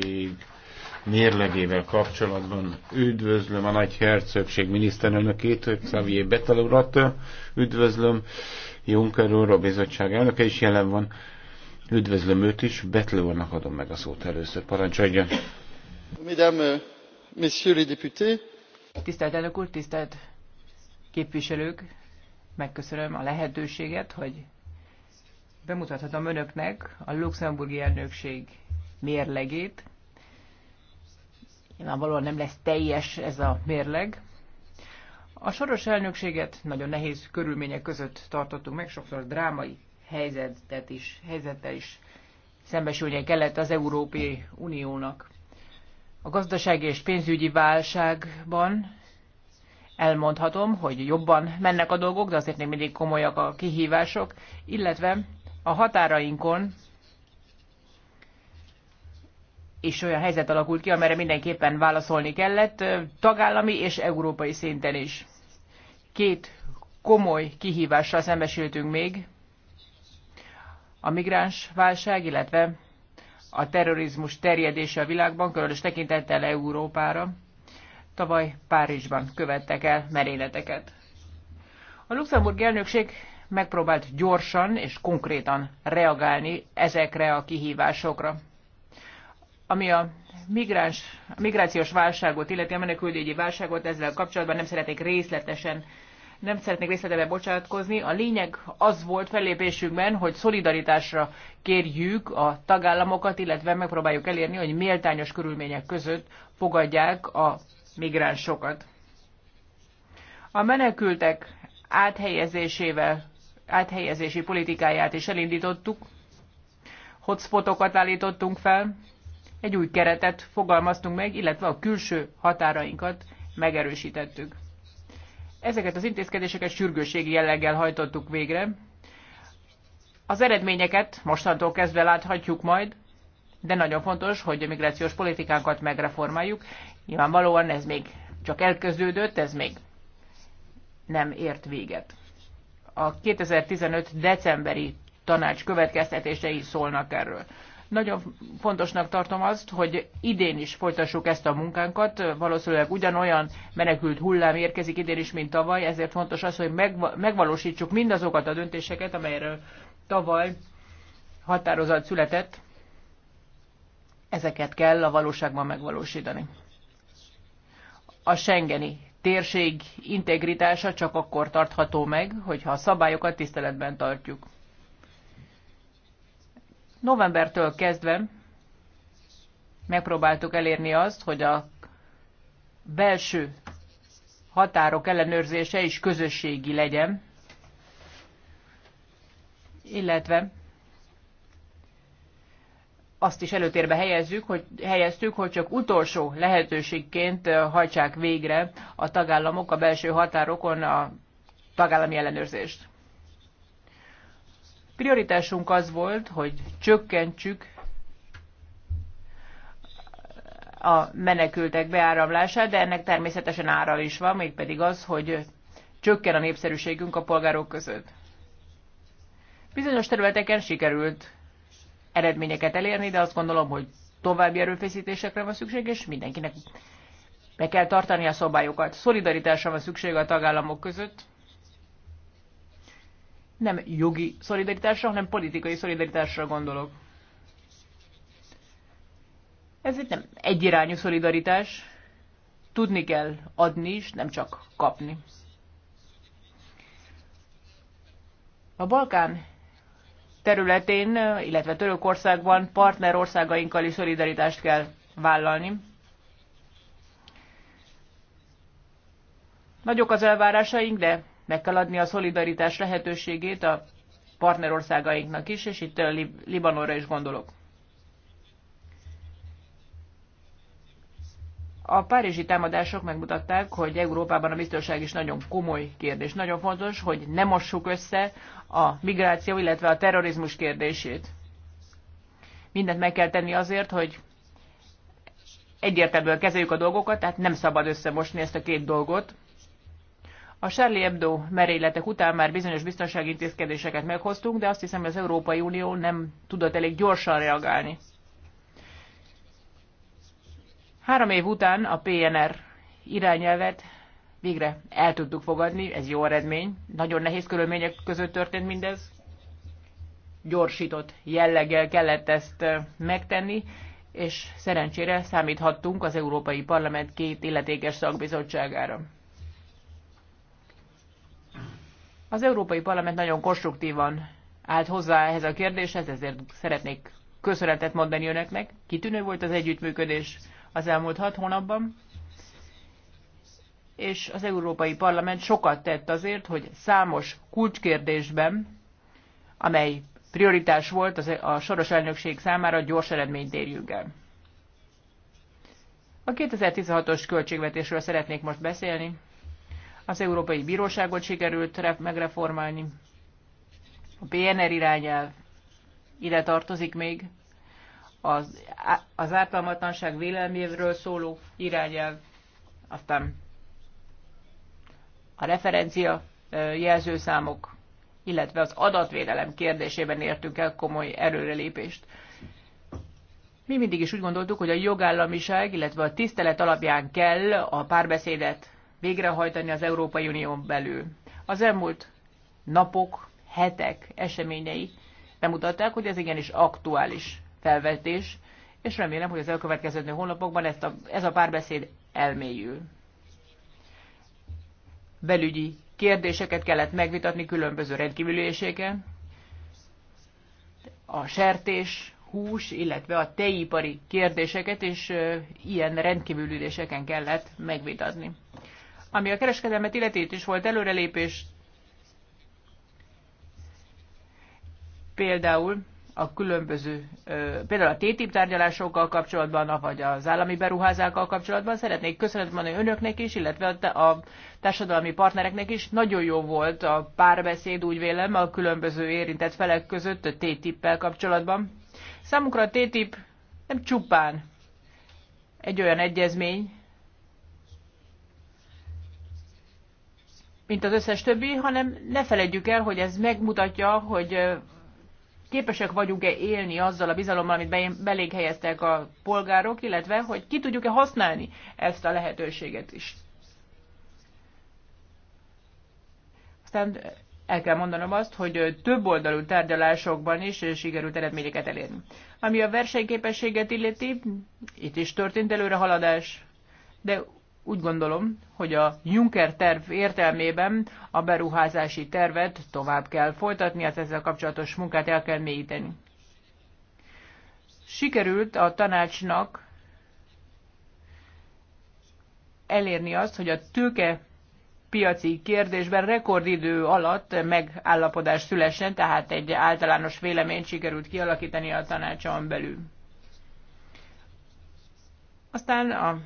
szövetség mérlegével kapcsolatban üdvözlöm a nagy hercegség miniszterelnökét, Xavier Betel urat, üdvözlöm Juncker úr, a bizottság elnöke is jelen van, üdvözlöm őt is, Betel úrnak adom meg a szót először, parancsoljon. Mesdames, messieurs les députés. Tisztelt elnök úr, tisztelt képviselők, megköszönöm a lehetőséget, hogy bemutathatom önöknek a luxemburgi elnökség mérlegét. Nyilvánvalóan nem lesz teljes ez a mérleg. A soros elnökséget nagyon nehéz körülmények között tartottunk meg, sokszor drámai helyzetet is, helyzettel is szembesülnie kellett az Európai Uniónak. A gazdasági és pénzügyi válságban elmondhatom, hogy jobban mennek a dolgok, de azért még mindig komolyak a kihívások, illetve a határainkon és olyan helyzet alakult ki, amire mindenképpen válaszolni kellett, tagállami és európai szinten is. Két komoly kihívással szembesültünk még, a migráns válság, illetve a terrorizmus terjedése a világban, különös tekintettel Európára. Tavaly Párizsban követtek el merényleteket. A luxemburgi elnökség megpróbált gyorsan és konkrétan reagálni ezekre a kihívásokra. Ami a migráns, migrációs válságot, illeti a menekültügyi válságot, ezzel kapcsolatban nem szeretnék részletesen nem szeretnék részletebe bocsátkozni. A lényeg az volt fellépésünkben, hogy szolidaritásra kérjük a tagállamokat, illetve megpróbáljuk elérni, hogy méltányos körülmények között fogadják a migránsokat. A menekültek áthelyezésével, áthelyezési politikáját is elindítottuk, hotspotokat állítottunk fel, egy új keretet fogalmaztunk meg, illetve a külső határainkat megerősítettük. Ezeket az intézkedéseket sürgőségi jelleggel hajtottuk végre. Az eredményeket mostantól kezdve láthatjuk majd, de nagyon fontos, hogy a migrációs politikánkat megreformáljuk. Nyilvánvalóan ez még csak elkezdődött, ez még nem ért véget. A 2015. decemberi tanács következtetései szólnak erről. Nagyon fontosnak tartom azt, hogy idén is folytassuk ezt a munkánkat. Valószínűleg ugyanolyan menekült hullám érkezik idén is, mint tavaly, ezért fontos az, hogy megvalósítsuk mindazokat a döntéseket, amelyről tavaly határozat született. Ezeket kell a valóságban megvalósítani. A Schengeni térség integritása csak akkor tartható meg, hogyha a szabályokat tiszteletben tartjuk. Novembertől kezdve megpróbáltuk elérni azt, hogy a belső határok ellenőrzése is közösségi legyen, illetve azt is előtérbe helyezzük, hogy, helyeztük, hogy csak utolsó lehetőségként hajtsák végre a tagállamok a belső határokon a tagállami ellenőrzést. Prioritásunk az volt, hogy csökkentsük a menekültek beáramlását, de ennek természetesen ára is van, mégpedig az, hogy csökken a népszerűségünk a polgárok között. Bizonyos területeken sikerült eredményeket elérni, de azt gondolom, hogy további erőfeszítésekre van szükség, és mindenkinek be kell tartani a szabályokat. Szolidaritásra van szükség a tagállamok között, nem jogi szolidaritásra, hanem politikai szolidaritásra gondolok. Ez itt nem egyirányú szolidaritás. Tudni kell adni is, nem csak kapni. A Balkán területén, illetve Törökországban partnerországainkkal is szolidaritást kell vállalni. Nagyok az elvárásaink, de meg kell adni a szolidaritás lehetőségét a partnerországainknak is, és itt Lib Libanonra is gondolok. A párizsi támadások megmutatták, hogy Európában a biztonság is nagyon komoly kérdés. Nagyon fontos, hogy ne mossuk össze a migráció, illetve a terrorizmus kérdését. Mindent meg kell tenni azért, hogy egyértelműen kezeljük a dolgokat, tehát nem szabad összemosni ezt a két dolgot. A Charlie Hebdo merényletek után már bizonyos biztonsági intézkedéseket meghoztunk, de azt hiszem, hogy az Európai Unió nem tudott elég gyorsan reagálni. Három év után a PNR irányelvet végre el tudtuk fogadni, ez jó eredmény. Nagyon nehéz körülmények között történt mindez. Gyorsított jelleggel kellett ezt eh, megtenni, és szerencsére számíthattunk az Európai Parlament két illetékes szakbizottságára. Az Európai Parlament nagyon konstruktívan állt hozzá ehhez a kérdéshez, ezért szeretnék köszönetet mondani önöknek. Kitűnő volt az együttműködés az elmúlt hat hónapban, és az Európai Parlament sokat tett azért, hogy számos kulcskérdésben, amely prioritás volt a soros elnökség számára, gyors eredményt érjünk el. A 2016-os költségvetésről szeretnék most beszélni. Az Európai Bíróságot sikerült megreformálni. A PNR irányelv ide tartozik még. Az, az ártalmatlanság vélelmévről szóló irányelv. Aztán a referencia jelzőszámok, illetve az adatvédelem kérdésében értünk el komoly erőrelépést. Mi mindig is úgy gondoltuk, hogy a jogállamiság, illetve a tisztelet alapján kell a párbeszédet végrehajtani az Európai Unión belül. Az elmúlt napok, hetek eseményei bemutatták, hogy ez igenis aktuális felvetés, és remélem, hogy az elkövetkező hónapokban ezt a, ez a párbeszéd elmélyül. Belügyi kérdéseket kellett megvitatni különböző rendkívüléséken. A sertés, hús, illetve a tejipari kérdéseket, és ilyen rendkívüléseken kellett megvitatni. Ami a kereskedelmet illeti, itt is volt előrelépés. Például a különböző, például a TTIP tárgyalásokkal kapcsolatban, vagy az állami beruházákkal kapcsolatban szeretnék köszönet mondani önöknek is, illetve a társadalmi partnereknek is. Nagyon jó volt a párbeszéd, úgy vélem, a különböző érintett felek között a TTIP-pel kapcsolatban. Számukra a TTIP nem csupán egy olyan egyezmény, mint az összes többi, hanem ne feledjük el, hogy ez megmutatja, hogy képesek vagyunk-e élni azzal a bizalommal, amit belénk helyeztek a polgárok, illetve hogy ki tudjuk-e használni ezt a lehetőséget is. Aztán el kell mondanom azt, hogy több oldalú tárgyalásokban is sikerült eredményeket elérni. Ami a versenyképességet illeti, itt is történt előrehaladás, de úgy gondolom, hogy a Juncker terv értelmében a beruházási tervet tovább kell folytatni, az hát ezzel kapcsolatos munkát el kell mélyíteni. Sikerült a tanácsnak elérni azt, hogy a tőke piaci kérdésben rekordidő alatt megállapodás szülessen, tehát egy általános véleményt sikerült kialakítani a tanácson belül. Aztán a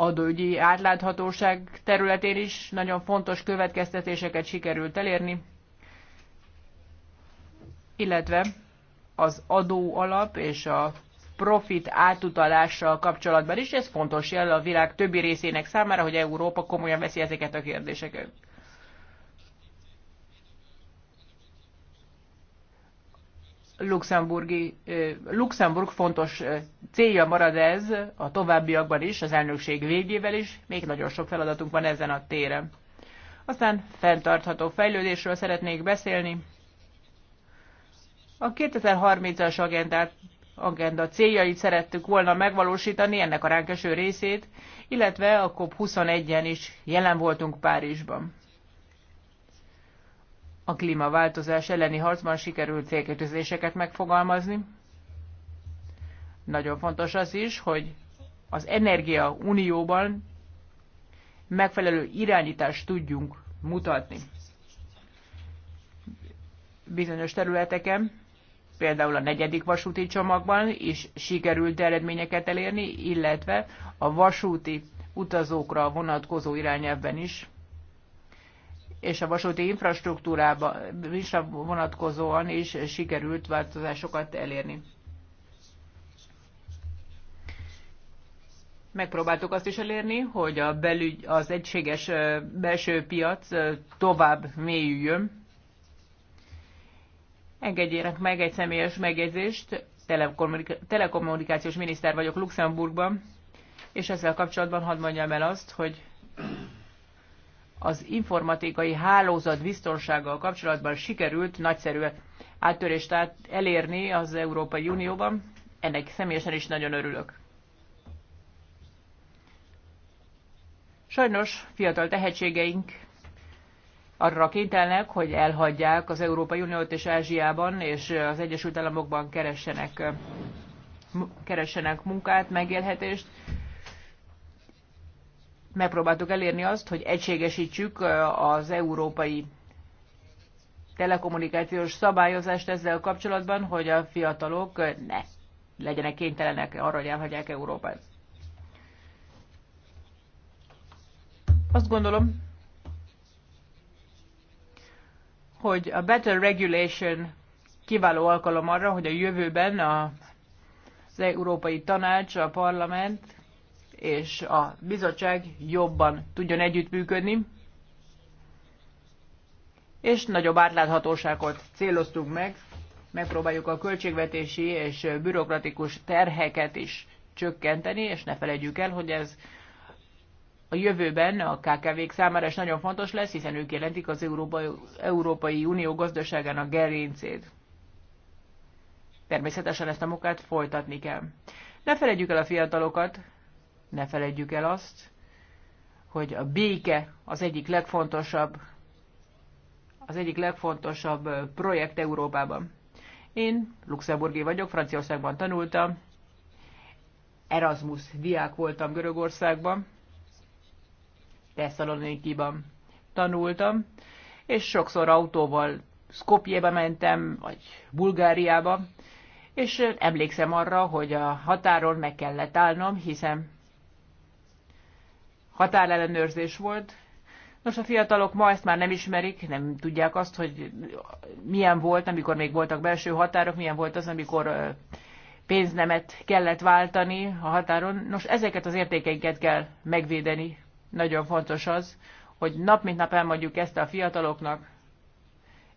adóügyi átláthatóság területén is nagyon fontos következtetéseket sikerült elérni, illetve az adó alap és a profit átutalással kapcsolatban is. Ez fontos jel a világ többi részének számára, hogy Európa komolyan veszi ezeket a kérdéseket. luxemburgi, Luxemburg fontos célja marad ez a továbbiakban is, az elnökség végével is, még nagyon sok feladatunk van ezen a téren. Aztán fenntartható fejlődésről szeretnék beszélni. A 2030-as agendát, agenda céljait szerettük volna megvalósítani, ennek a ránkeső részét, illetve a COP21-en is jelen voltunk Párizsban a klímaváltozás elleni harcban sikerült célkötözéseket megfogalmazni. Nagyon fontos az is, hogy az Energia Unióban megfelelő irányítást tudjunk mutatni. Bizonyos területeken, például a negyedik vasúti csomagban is sikerült eredményeket elérni, illetve a vasúti utazókra vonatkozó irányelvben is és a vasúti infrastruktúrába is vonatkozóan is sikerült változásokat elérni. Megpróbáltuk azt is elérni, hogy a belügy, az egységes belső piac tovább mélyüljön. Engedjenek meg egy személyes megjegyzést. Telekommunikációs miniszter vagyok Luxemburgban, és ezzel kapcsolatban hadd mondjam el azt, hogy az informatikai hálózat biztonsággal kapcsolatban sikerült nagyszerű áttörést elérni az Európai Unióban. Ennek személyesen is nagyon örülök. Sajnos fiatal tehetségeink arra kénytelnek, hogy elhagyják az Európai Uniót és Ázsiában és az Egyesült Államokban keressenek, keressenek munkát, megélhetést megpróbáltuk elérni azt, hogy egységesítsük az európai telekommunikációs szabályozást ezzel kapcsolatban, hogy a fiatalok ne legyenek kénytelenek arra, hogy elhagyják Európát. Azt gondolom, hogy a Better Regulation kiváló alkalom arra, hogy a jövőben a, az Európai Tanács, a Parlament és a bizottság jobban tudjon együttműködni, és nagyobb átláthatóságot céloztunk meg, megpróbáljuk a költségvetési és bürokratikus terheket is csökkenteni, és ne felejtjük el, hogy ez a jövőben a KKV-k számára is nagyon fontos lesz, hiszen ők jelentik az Európai, Európai Unió gazdaságának gerincét. Természetesen ezt a munkát folytatni kell. Ne felejtjük el a fiatalokat, ne felejtjük el azt, hogy a béke az egyik legfontosabb, az egyik legfontosabb projekt Európában. Én luxemburgi vagyok, Franciaországban tanultam, Erasmus diák voltam Görögországban, Tesszalonikiban tanultam, és sokszor autóval Skopjébe mentem, vagy Bulgáriába, és emlékszem arra, hogy a határon meg kellett állnom, hiszen határellenőrzés volt. Nos, a fiatalok ma ezt már nem ismerik, nem tudják azt, hogy milyen volt, amikor még voltak belső határok, milyen volt az, amikor pénznemet kellett váltani a határon. Nos, ezeket az értékeinket kell megvédeni. Nagyon fontos az, hogy nap mint nap elmondjuk ezt a fiataloknak,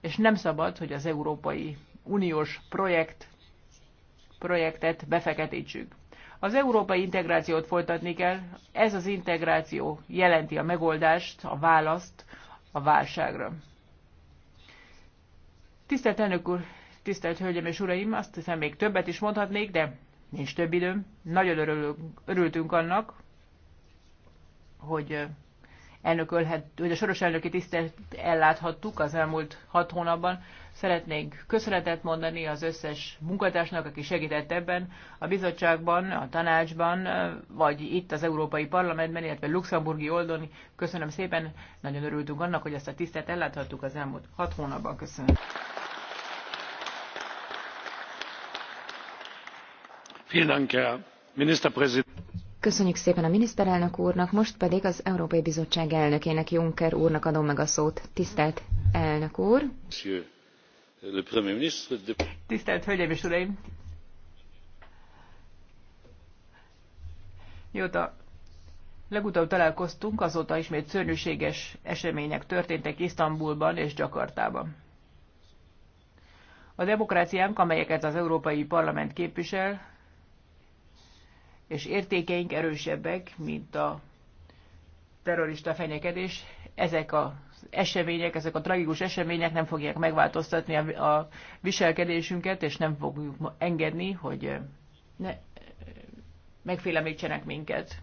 és nem szabad, hogy az Európai Uniós projekt, projektet befeketítsük. Az európai integrációt folytatni kell, ez az integráció jelenti a megoldást, a választ a válságra. Tisztelt elnök úr, tisztelt hölgyem és uraim, azt hiszem még többet is mondhatnék, de nincs több időm. Nagyon örülünk, örültünk annak, hogy elnökölhet, vagy a soros elnöki tisztet elláthattuk az elmúlt hat hónapban. Szeretnék köszönetet mondani az összes munkatársnak, aki segített ebben a bizottságban, a tanácsban, vagy itt az Európai Parlamentben, illetve luxemburgi oldalon. Köszönöm szépen, nagyon örültünk annak, hogy ezt a tisztet elláthattuk az elmúlt hat hónapban. Köszönöm. Vielen Dank, Herr Ministerpräsident. Köszönjük szépen a miniszterelnök úrnak, most pedig az Európai Bizottság elnökének, Juncker úrnak adom meg a szót. Tisztelt elnök úr! Tisztelt Hölgyeim és Uraim! Mióta legutóbb találkoztunk, azóta ismét szörnyűséges események történtek Isztambulban és Jakartában. A demokráciánk, amelyeket az Európai Parlament képvisel, és értékeink erősebbek, mint a terrorista fenyegetés. Ezek az események, ezek a tragikus események nem fogják megváltoztatni a, a viselkedésünket, és nem fogjuk engedni, hogy eh, ne, eh, megfélemlítsenek minket.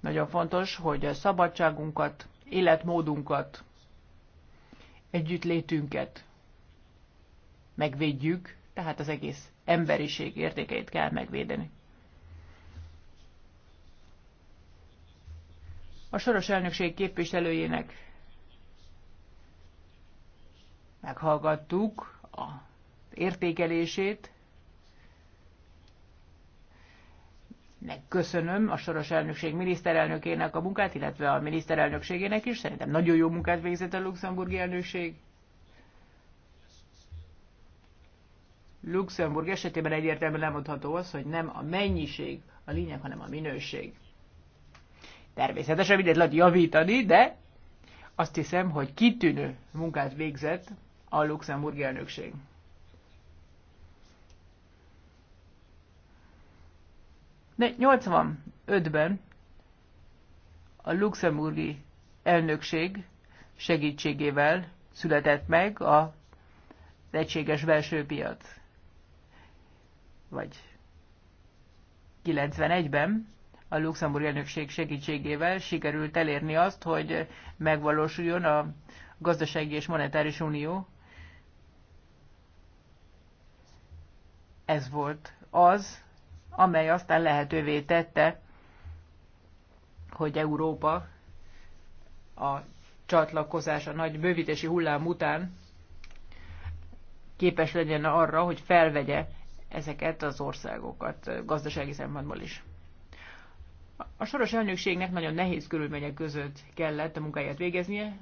Nagyon fontos, hogy a szabadságunkat, életmódunkat, együttlétünket megvédjük, tehát az egész emberiség értékeit kell megvédeni. a soros elnökség képviselőjének meghallgattuk a értékelését. Megköszönöm a soros elnökség miniszterelnökének a munkát, illetve a miniszterelnökségének is. Szerintem nagyon jó munkát végzett a luxemburgi elnökség. Luxemburg esetében egyértelműen elmondható az, hogy nem a mennyiség a lényeg, hanem a minőség. Természetesen mindent lehet javítani, de azt hiszem, hogy kitűnő munkát végzett a luxemburgi elnökség. De 85-ben a luxemburgi elnökség segítségével született meg a egységes belső piac. Vagy 91-ben a luxemburgi elnökség segítségével sikerült elérni azt, hogy megvalósuljon a gazdasági és monetáris unió. Ez volt az, amely aztán lehetővé tette, hogy Európa a csatlakozás a nagy bővítési hullám után képes legyen arra, hogy felvegye ezeket az országokat gazdasági szempontból is. A soros elnökségnek nagyon nehéz körülmények között kellett a munkáját végeznie.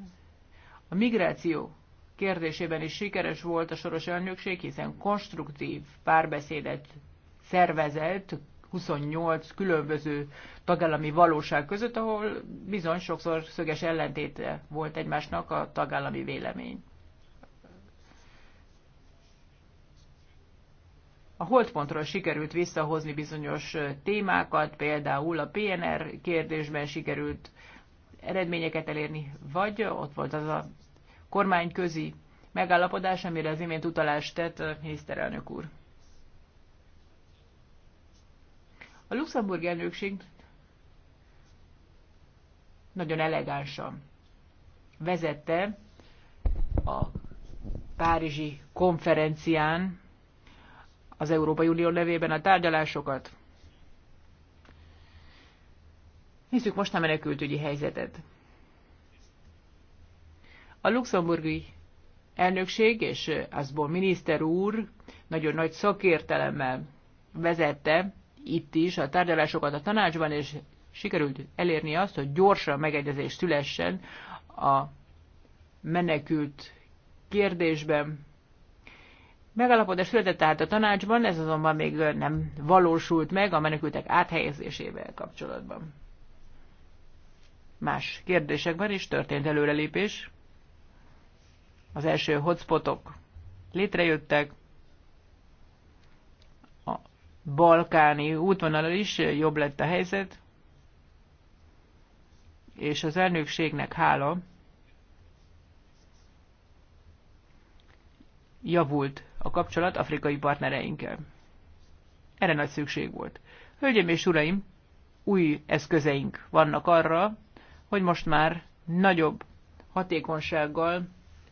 A migráció kérdésében is sikeres volt a soros elnökség, hiszen konstruktív párbeszédet szervezett 28 különböző tagállami valóság között, ahol bizony sokszor szöges ellentéte volt egymásnak a tagállami vélemény. a holdpontról sikerült visszahozni bizonyos témákat, például a PNR kérdésben sikerült eredményeket elérni, vagy ott volt az a kormányközi megállapodás, amire az imént utalást tett a miniszterelnök úr. A luxemburgi elnökség nagyon elegánsan vezette a Párizsi konferencián az Európai Unió nevében a tárgyalásokat. Nézzük most a menekültügyi helyzetet. A luxemburgi elnökség és azból miniszter úr nagyon nagy szakértelemmel vezette itt is a tárgyalásokat a tanácsban, és sikerült elérni azt, hogy gyorsan megegyezés szülessen a menekült kérdésben. Megalapodás született tehát a tanácsban, ez azonban még nem valósult meg a menekültek áthelyezésével kapcsolatban. Más kérdésekben is történt előrelépés. Az első hotspotok létrejöttek, a balkáni útvonalon is jobb lett a helyzet, és az elnökségnek hála javult a kapcsolat afrikai partnereinkkel. Erre nagy szükség volt. Hölgyeim és uraim, új eszközeink vannak arra, hogy most már nagyobb hatékonysággal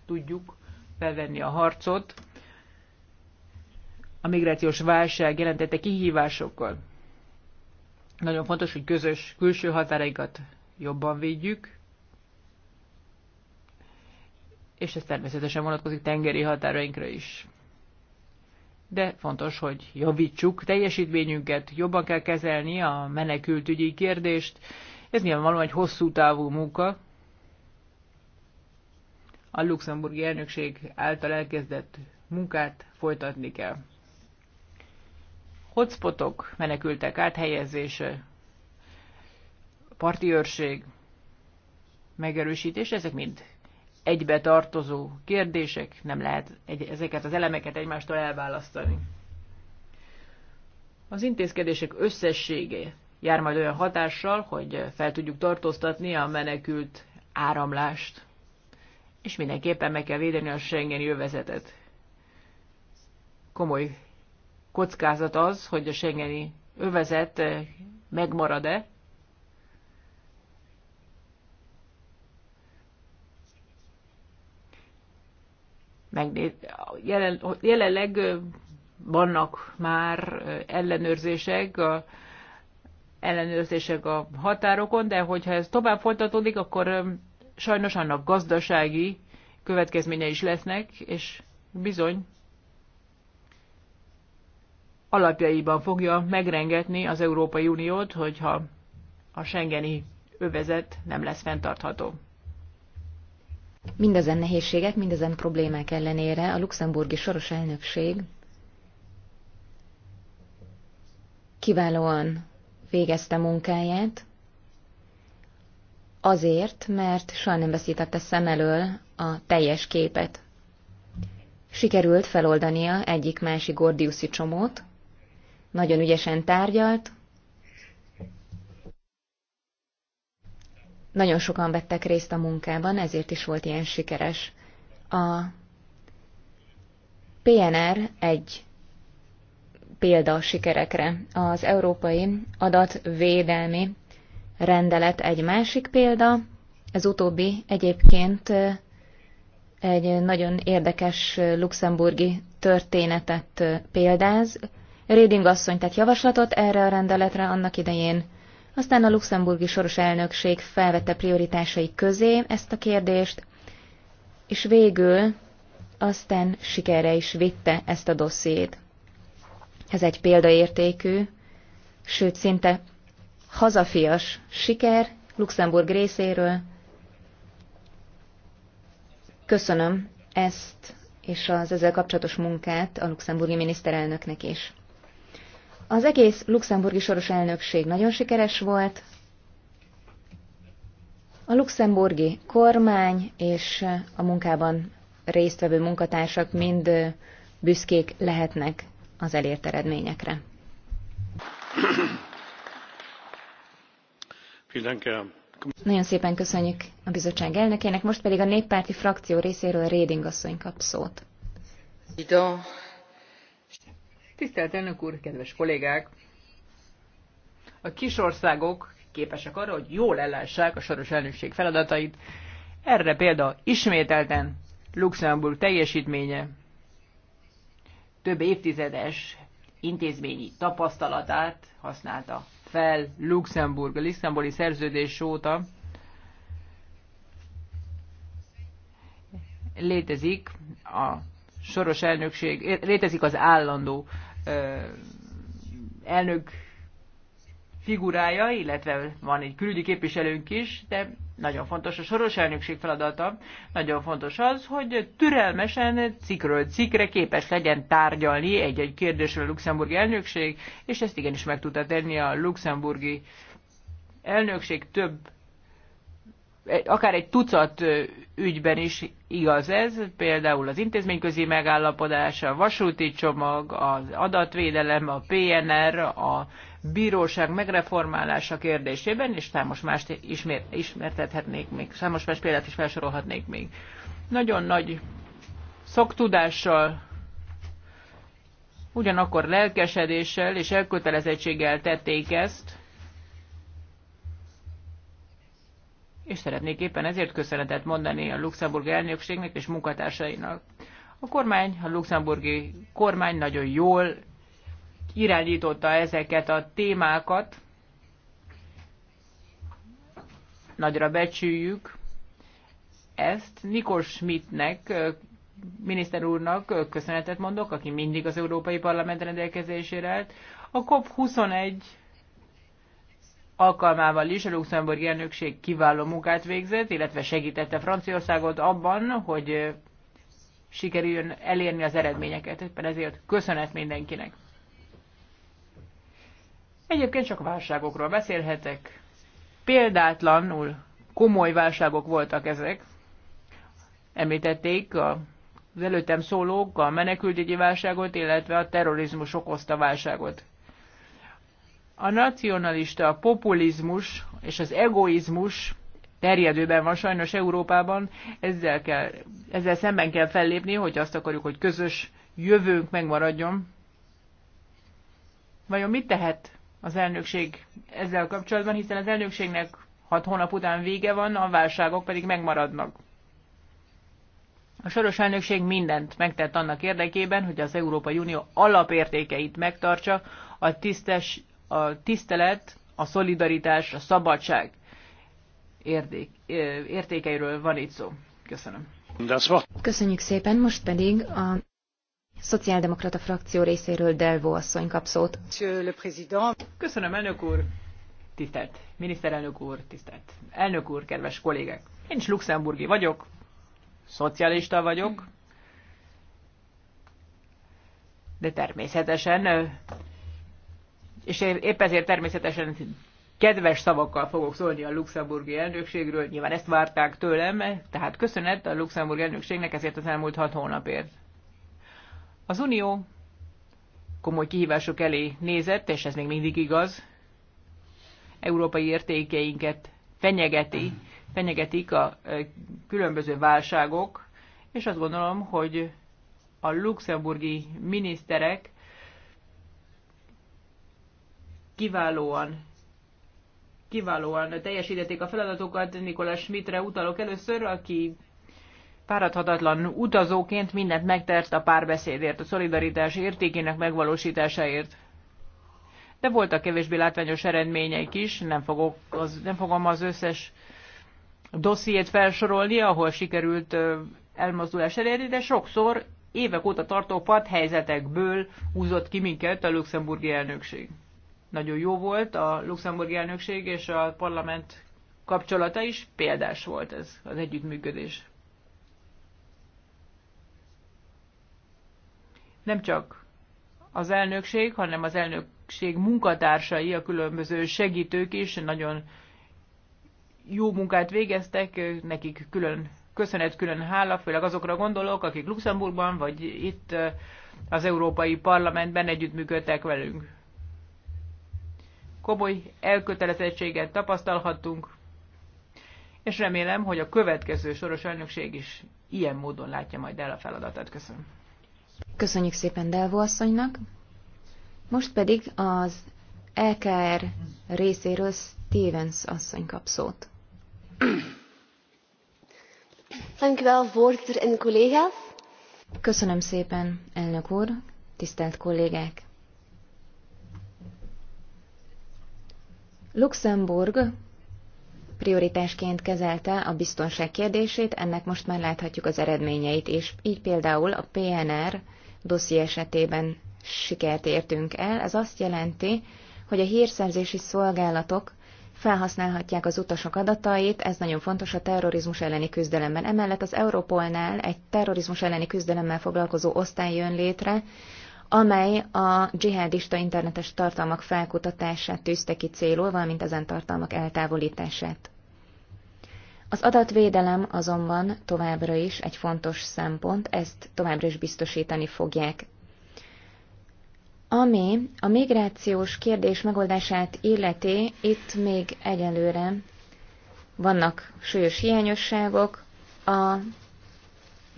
tudjuk felvenni a harcot a migrációs válság jelentette kihívásokkal. Nagyon fontos, hogy közös külső határaikat jobban védjük, és ez természetesen vonatkozik tengeri határainkra is de fontos, hogy javítsuk teljesítményünket, jobban kell kezelni a menekültügyi kérdést. Ez nyilvánvalóan egy hosszú távú munka. A luxemburgi elnökség által elkezdett munkát folytatni kell. Hotspotok, menekültek áthelyezése, partiőrség, megerősítés, ezek mind egybe tartozó kérdések, nem lehet egy, ezeket az elemeket egymástól elválasztani. Az intézkedések összessége jár majd olyan hatással, hogy fel tudjuk tartóztatni a menekült áramlást, és mindenképpen meg kell védeni a Schengeni övezetet. Komoly kockázat az, hogy a Schengeni övezet megmarad-e, megnéz, jelen, jelenleg vannak már ellenőrzések, a, ellenőrzések a határokon, de hogyha ez tovább folytatódik, akkor sajnos annak gazdasági következménye is lesznek, és bizony alapjaiban fogja megrengetni az Európai Uniót, hogyha a Schengeni övezet nem lesz fenntartható. Mindezen nehézségek, mindezen problémák ellenére a luxemburgi soros elnökség kiválóan végezte munkáját, azért, mert soha nem veszítette szem elől a teljes képet. Sikerült feloldania egyik-másik Gordiuszi csomót, nagyon ügyesen tárgyalt, Nagyon sokan vettek részt a munkában, ezért is volt ilyen sikeres. A PNR egy példa a sikerekre. Az Európai Adatvédelmi Rendelet egy másik példa. Ez utóbbi egyébként egy nagyon érdekes luxemburgi történetet példáz. Réding asszony tett javaslatot erre a rendeletre annak idején aztán a luxemburgi soros elnökség felvette prioritásai közé ezt a kérdést, és végül aztán sikerre is vitte ezt a dossziét. Ez egy példaértékű, sőt szinte hazafias siker Luxemburg részéről. Köszönöm ezt és az ezzel kapcsolatos munkát a luxemburgi miniszterelnöknek is. Az egész luxemburgi soros elnökség nagyon sikeres volt. A luxemburgi kormány és a munkában résztvevő munkatársak mind büszkék lehetnek az elért eredményekre. Nagyon szépen köszönjük a bizottság elnökének, most pedig a néppárti frakció részéről Réding asszony kap szót. Tisztelt elnök úr, kedves kollégák! A kisországok képesek arra, hogy jól ellássák a soros elnökség feladatait. Erre példa ismételten Luxemburg teljesítménye, több évtizedes intézményi tapasztalatát használta fel Luxemburg a Lisszamboli szerződés óta. Létezik a soros elnökség, létezik az állandó elnök figurája, illetve van egy külügyi képviselőnk is, de nagyon fontos a soros elnökség feladata, nagyon fontos az, hogy türelmesen cikről cikre képes legyen tárgyalni egy-egy kérdésről a luxemburgi elnökség, és ezt igenis meg tudta tenni a luxemburgi elnökség több akár egy tucat ügyben is igaz ez, például az intézményközi megállapodás, a vasúti csomag, az adatvédelem, a PNR, a bíróság megreformálása kérdésében, és számos mást ismer, ismertethetnék még, számos más példát is felsorolhatnék még. Nagyon nagy szoktudással, ugyanakkor lelkesedéssel és elkötelezettséggel tették ezt, és szeretnék éppen ezért köszönetet mondani a luxemburgi elnökségnek és munkatársainak. A kormány, a luxemburgi kormány nagyon jól irányította ezeket a témákat, nagyra becsüljük ezt. Nikos Schmidtnek, miniszter úrnak köszönetet mondok, aki mindig az Európai Parlament rendelkezésére állt. A COP21 alkalmával is a luxemburgi elnökség kiváló munkát végzett, illetve segítette Franciaországot abban, hogy sikerüljön elérni az eredményeket. Éppen ezért köszönet mindenkinek. Egyébként csak válságokról beszélhetek. Példátlanul komoly válságok voltak ezek. Említették a az előttem szólók a menekültügyi válságot, illetve a terrorizmus okozta válságot. A nacionalista a populizmus és az egoizmus terjedőben van sajnos Európában, ezzel, kell, ezzel szemben kell fellépni, hogy azt akarjuk, hogy közös jövőnk megmaradjon. Vajon mit tehet az elnökség ezzel kapcsolatban, hiszen az elnökségnek hat hónap után vége van, a válságok pedig megmaradnak. A soros elnökség mindent megtett annak érdekében, hogy az Európai Unió alapértékeit megtartsa, a tisztes, a tisztelet, a szolidaritás, a szabadság érdék, értékeiről van itt szó. Köszönöm. Köszönjük szépen, most pedig a Szociáldemokrata frakció részéről Delvo asszony kap szót. Köszönöm, elnök úr! Tisztelt miniszterelnök úr, tisztelt elnök úr, kedves kollégek. Én is luxemburgi vagyok, szocialista vagyok, de természetesen és épp ezért természetesen kedves szavakkal fogok szólni a luxemburgi elnökségről, nyilván ezt várták tőlem, tehát köszönet a luxemburgi elnökségnek ezért az elmúlt hat hónapért. Az Unió komoly kihívások elé nézett, és ez még mindig igaz, európai értékeinket fenyegeti, fenyegetik a e, különböző válságok, és azt gondolom, hogy a luxemburgi miniszterek kiválóan kiválóan teljesítették a feladatokat. Nikola Schmidtre utalok először, aki páradhatatlan utazóként mindent megtert a párbeszédért, a szolidaritás értékének megvalósításáért. De voltak kevésbé látványos eredményeik is, nem, fogok az, nem fogom az összes dossziét felsorolni, ahol sikerült elmozdulás elérni, de sokszor évek óta tartó helyzetekből húzott ki minket a luxemburgi elnökség nagyon jó volt a luxemburgi elnökség és a parlament kapcsolata is, példás volt ez az együttműködés. Nem csak az elnökség, hanem az elnökség munkatársai, a különböző segítők is nagyon jó munkát végeztek, nekik külön köszönet, külön hála, főleg azokra gondolok, akik Luxemburgban vagy itt az Európai Parlamentben együttműködtek velünk komoly elkötelezettséget tapasztalhattunk, és remélem, hogy a következő soros elnökség is ilyen módon látja majd el a feladatát. Köszönöm. Köszönjük szépen Delvo asszonynak. Most pedig az EKR részéről Stevens asszony kap szót. Köszönöm szépen, elnök úr, tisztelt kollégák! Luxemburg prioritásként kezelte a biztonság kérdését, ennek most már láthatjuk az eredményeit is. Így például a PNR dosszi esetében sikert értünk el. Ez azt jelenti, hogy a hírszerzési szolgálatok felhasználhatják az utasok adatait, ez nagyon fontos a terrorizmus elleni küzdelemben. Emellett az Európolnál egy terrorizmus elleni küzdelemmel foglalkozó osztály jön létre, amely a dzsihádista internetes tartalmak felkutatását tűzte ki célul, valamint ezen tartalmak eltávolítását. Az adatvédelem azonban továbbra is egy fontos szempont, ezt továbbra is biztosítani fogják. Ami a migrációs kérdés megoldását illeti, itt még egyelőre vannak súlyos hiányosságok, a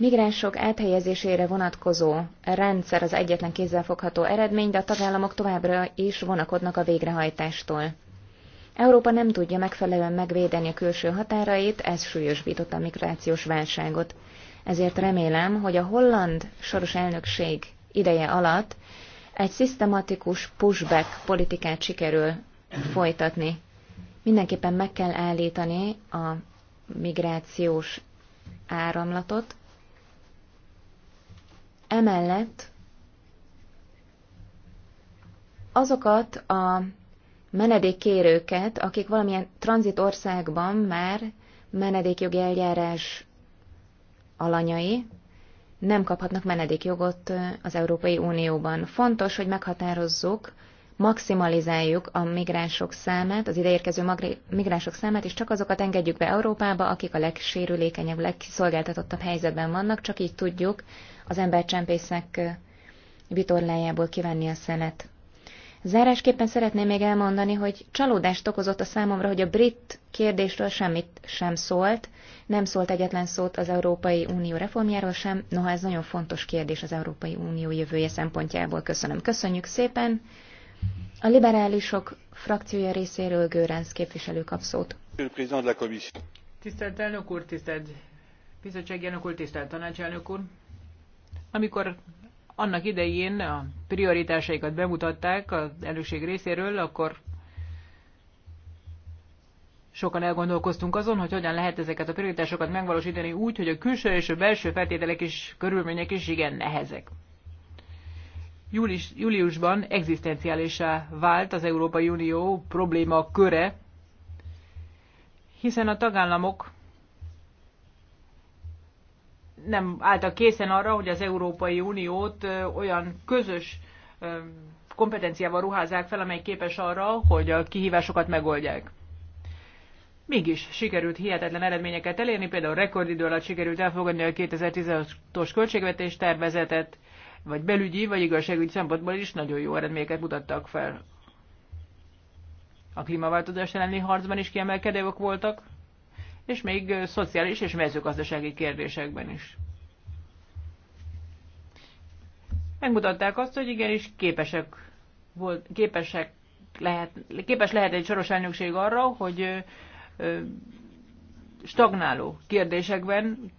migránsok áthelyezésére vonatkozó rendszer az egyetlen kézzelfogható eredmény, de a tagállamok továbbra is vonakodnak a végrehajtástól. Európa nem tudja megfelelően megvédeni a külső határait, ez súlyosbította a migrációs válságot. Ezért remélem, hogy a holland soros elnökség ideje alatt egy szisztematikus pushback politikát sikerül folytatni. Mindenképpen meg kell állítani a migrációs áramlatot, Emellett azokat a menedékkérőket, akik valamilyen országban, már menedékjogi eljárás alanyai, nem kaphatnak menedékjogot az Európai Unióban. Fontos, hogy meghatározzuk maximalizáljuk a migránsok számát, az ideérkező migránsok számát, és csak azokat engedjük be Európába, akik a legsérülékenyebb, legkiszolgáltatottabb helyzetben vannak, csak így tudjuk az embercsempészek vitorlájából kivenni a szenet. Zárásképpen szeretném még elmondani, hogy csalódást okozott a számomra, hogy a brit kérdésről semmit sem szólt, nem szólt egyetlen szót az Európai Unió reformjáról sem, noha ez nagyon fontos kérdés az Európai Unió jövője szempontjából. Köszönöm. Köszönjük szépen! A liberálisok frakciója részéről Gőrenc képviselő kap szót. Tisztelt elnök úr, tisztelt bizottsági elnök úr, tisztelt tanácselnök úr! Amikor annak idején a prioritásaikat bemutatták az elnökség részéről, akkor sokan elgondolkoztunk azon, hogy hogyan lehet ezeket a prioritásokat megvalósítani úgy, hogy a külső és a belső feltételek és körülmények is igen nehezek július, júliusban egzisztenciálisá vált az Európai Unió probléma köre, hiszen a tagállamok nem álltak készen arra, hogy az Európai Uniót olyan közös kompetenciával ruházzák fel, amely képes arra, hogy a kihívásokat megoldják. Mégis sikerült hihetetlen eredményeket elérni, például rekordidő alatt sikerült elfogadni a 2016-os költségvetés tervezetet, vagy belügyi, vagy igazságügyi szempontból is nagyon jó eredményeket mutattak fel. A klímaváltozás elleni harcban is kiemelkedők voltak, és még szociális és mezőgazdasági kérdésekben is. Megmutatták azt, hogy igenis képesek, volt, képesek lehet, képes lehet egy soros elnökség arra, hogy stagnáló kérdésekben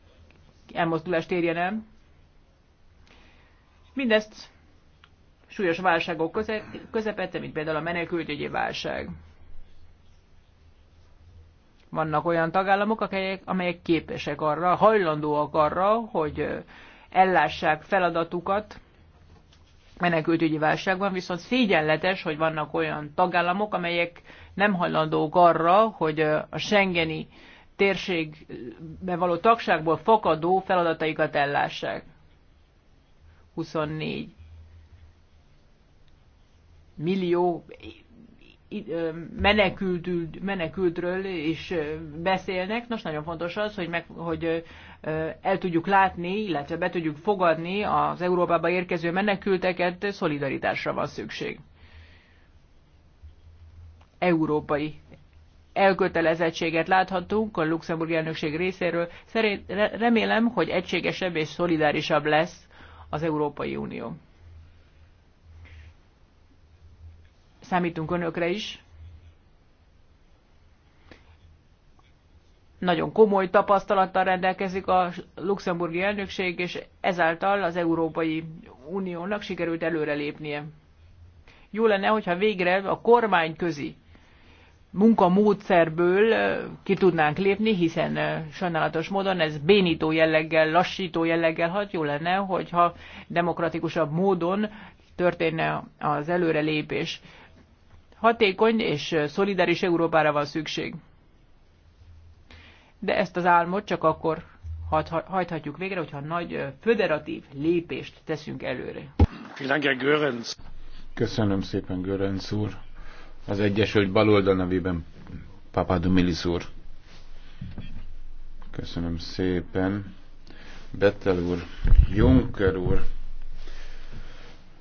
elmozdulást érjen el. Mindezt súlyos válságok közepette, mint például a menekültügyi válság. Vannak olyan tagállamok, amelyek, amelyek képesek arra, hajlandóak arra, hogy ellássák feladatukat menekültügyi válságban, viszont szégyenletes, hogy vannak olyan tagállamok, amelyek nem hajlandók arra, hogy a Schengeni térségbe való tagságból fakadó feladataikat ellássák. 24 millió menekült, menekültről is beszélnek. Nos, nagyon fontos az, hogy, meg, hogy el tudjuk látni, illetve be tudjuk fogadni az Európába érkező menekülteket, szolidaritásra van szükség. Európai elkötelezettséget láthatunk a luxemburgi elnökség részéről. Szerint, remélem, hogy egységesebb és szolidárisabb lesz az Európai Unió. Számítunk önökre is. Nagyon komoly tapasztalattal rendelkezik a luxemburgi elnökség, és ezáltal az Európai Uniónak sikerült előrelépnie. Jó lenne, hogyha végre a kormányközi munkamódszerből ki tudnánk lépni, hiszen sajnálatos módon ez bénító jelleggel, lassító jelleggel hat. Jó lenne, hogyha demokratikusabb módon történne az előrelépés. Hatékony és szolidáris Európára van szükség. De ezt az álmot csak akkor hajthatjuk végre, hogyha nagy föderatív lépést teszünk előre. Köszönöm szépen, Görenc úr az Egyesült Baloldal nevében Papadumilis úr. Köszönöm szépen. Bettel úr, Juncker úr,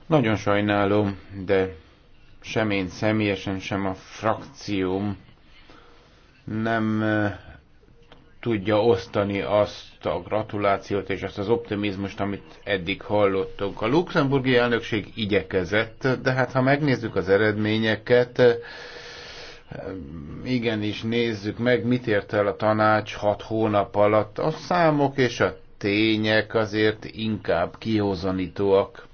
nagyon sajnálom, de sem én személyesen, sem a frakcióm nem eh, tudja osztani azt a gratulációt és azt az optimizmust, amit eddig hallottunk. A luxemburgi elnökség igyekezett, de hát ha megnézzük az eredményeket, eh, igenis nézzük meg, mit ért el a tanács hat hónap alatt. A számok és a tények azért inkább kihozanítóak.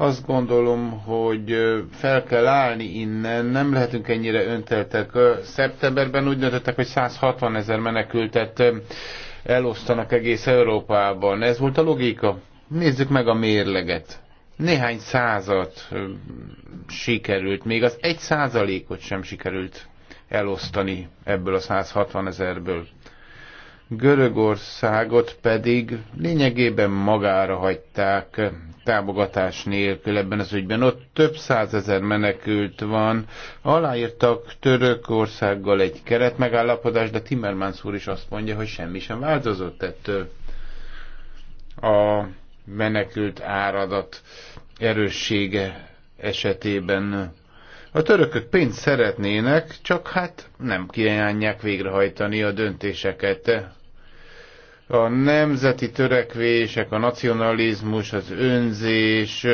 Azt gondolom, hogy fel kell állni innen, nem lehetünk ennyire önteltek. Szeptemberben úgy döntöttek, hogy 160 ezer menekültet elosztanak egész Európában. Ez volt a logika. Nézzük meg a mérleget. Néhány százat sikerült, még az egy százalékot sem sikerült elosztani ebből a 160 ezerből. Görögországot pedig lényegében magára hagyták támogatás nélkül ebben az ügyben. Ott több százezer menekült van. Aláírtak Törökországgal egy keretmegállapodást, de Timmermans úr is azt mondja, hogy semmi sem változott ettől. A menekült áradat erőssége esetében a törökök pénzt szeretnének, csak hát nem kívánják végrehajtani a döntéseket a nemzeti törekvések, a nacionalizmus, az önzés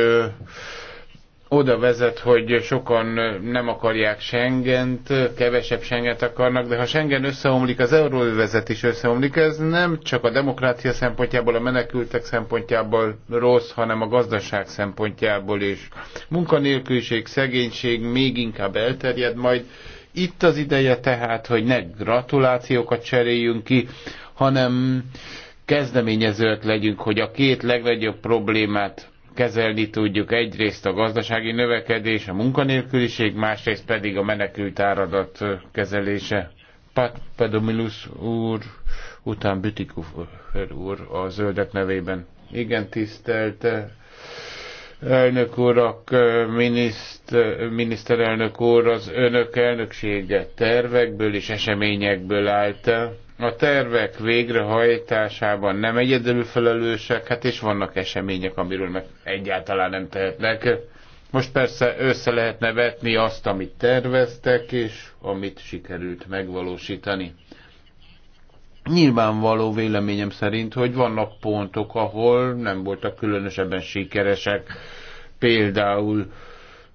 oda vezet, hogy sokan nem akarják Schengent, kevesebb Schengent akarnak, de ha Schengen összeomlik, az euróvezet is összeomlik. Ez nem csak a demokrácia szempontjából, a menekültek szempontjából rossz, hanem a gazdaság szempontjából is. Munkanélküliség, szegénység még inkább elterjed majd. Itt az ideje tehát, hogy ne gratulációkat cseréljünk ki, hanem kezdeményezőek legyünk, hogy a két legnagyobb problémát kezelni tudjuk. Egyrészt a gazdasági növekedés, a munkanélküliség, másrészt pedig a menekült áradat kezelése. Pedomilus úr, után Bütikufer úr a zöldek nevében. Igen, tisztelt elnök urak, miniszt, miniszterelnök úr, az önök elnöksége tervekből és eseményekből állt a tervek végrehajtásában nem egyedül felelősek, hát és vannak események, amiről meg egyáltalán nem tehetnek. Most persze össze lehetne vetni azt, amit terveztek, és amit sikerült megvalósítani. Nyilvánvaló véleményem szerint, hogy vannak pontok, ahol nem voltak különösebben sikeresek. Például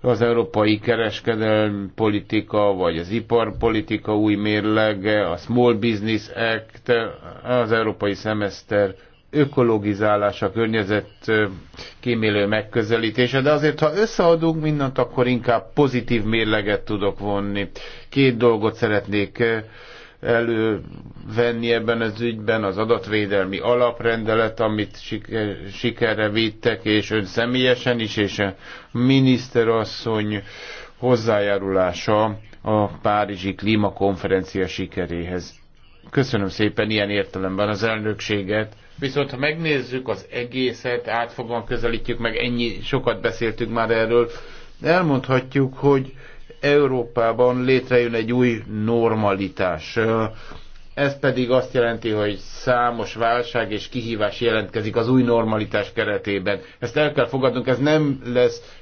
az európai kereskedelmi politika, vagy az iparpolitika új mérlege, a Small Business Act, az európai szemeszter ökologizálása, környezet kímélő megközelítése, de azért, ha összeadunk mindent, akkor inkább pozitív mérleget tudok vonni. Két dolgot szeretnék elővenni ebben az ügyben, az adatvédelmi alaprendelet, amit siker, sikerre vittek, és ön személyesen is, és a miniszterasszony hozzájárulása a Párizsi Klímakonferencia sikeréhez. Köszönöm szépen ilyen értelemben az elnökséget. Viszont ha megnézzük az egészet, átfogóan közelítjük meg, ennyi sokat beszéltünk már erről, elmondhatjuk, hogy Európában létrejön egy új normalitás. Ez pedig azt jelenti, hogy számos válság és kihívás jelentkezik az új normalitás keretében. Ezt el kell fogadnunk, ez nem lesz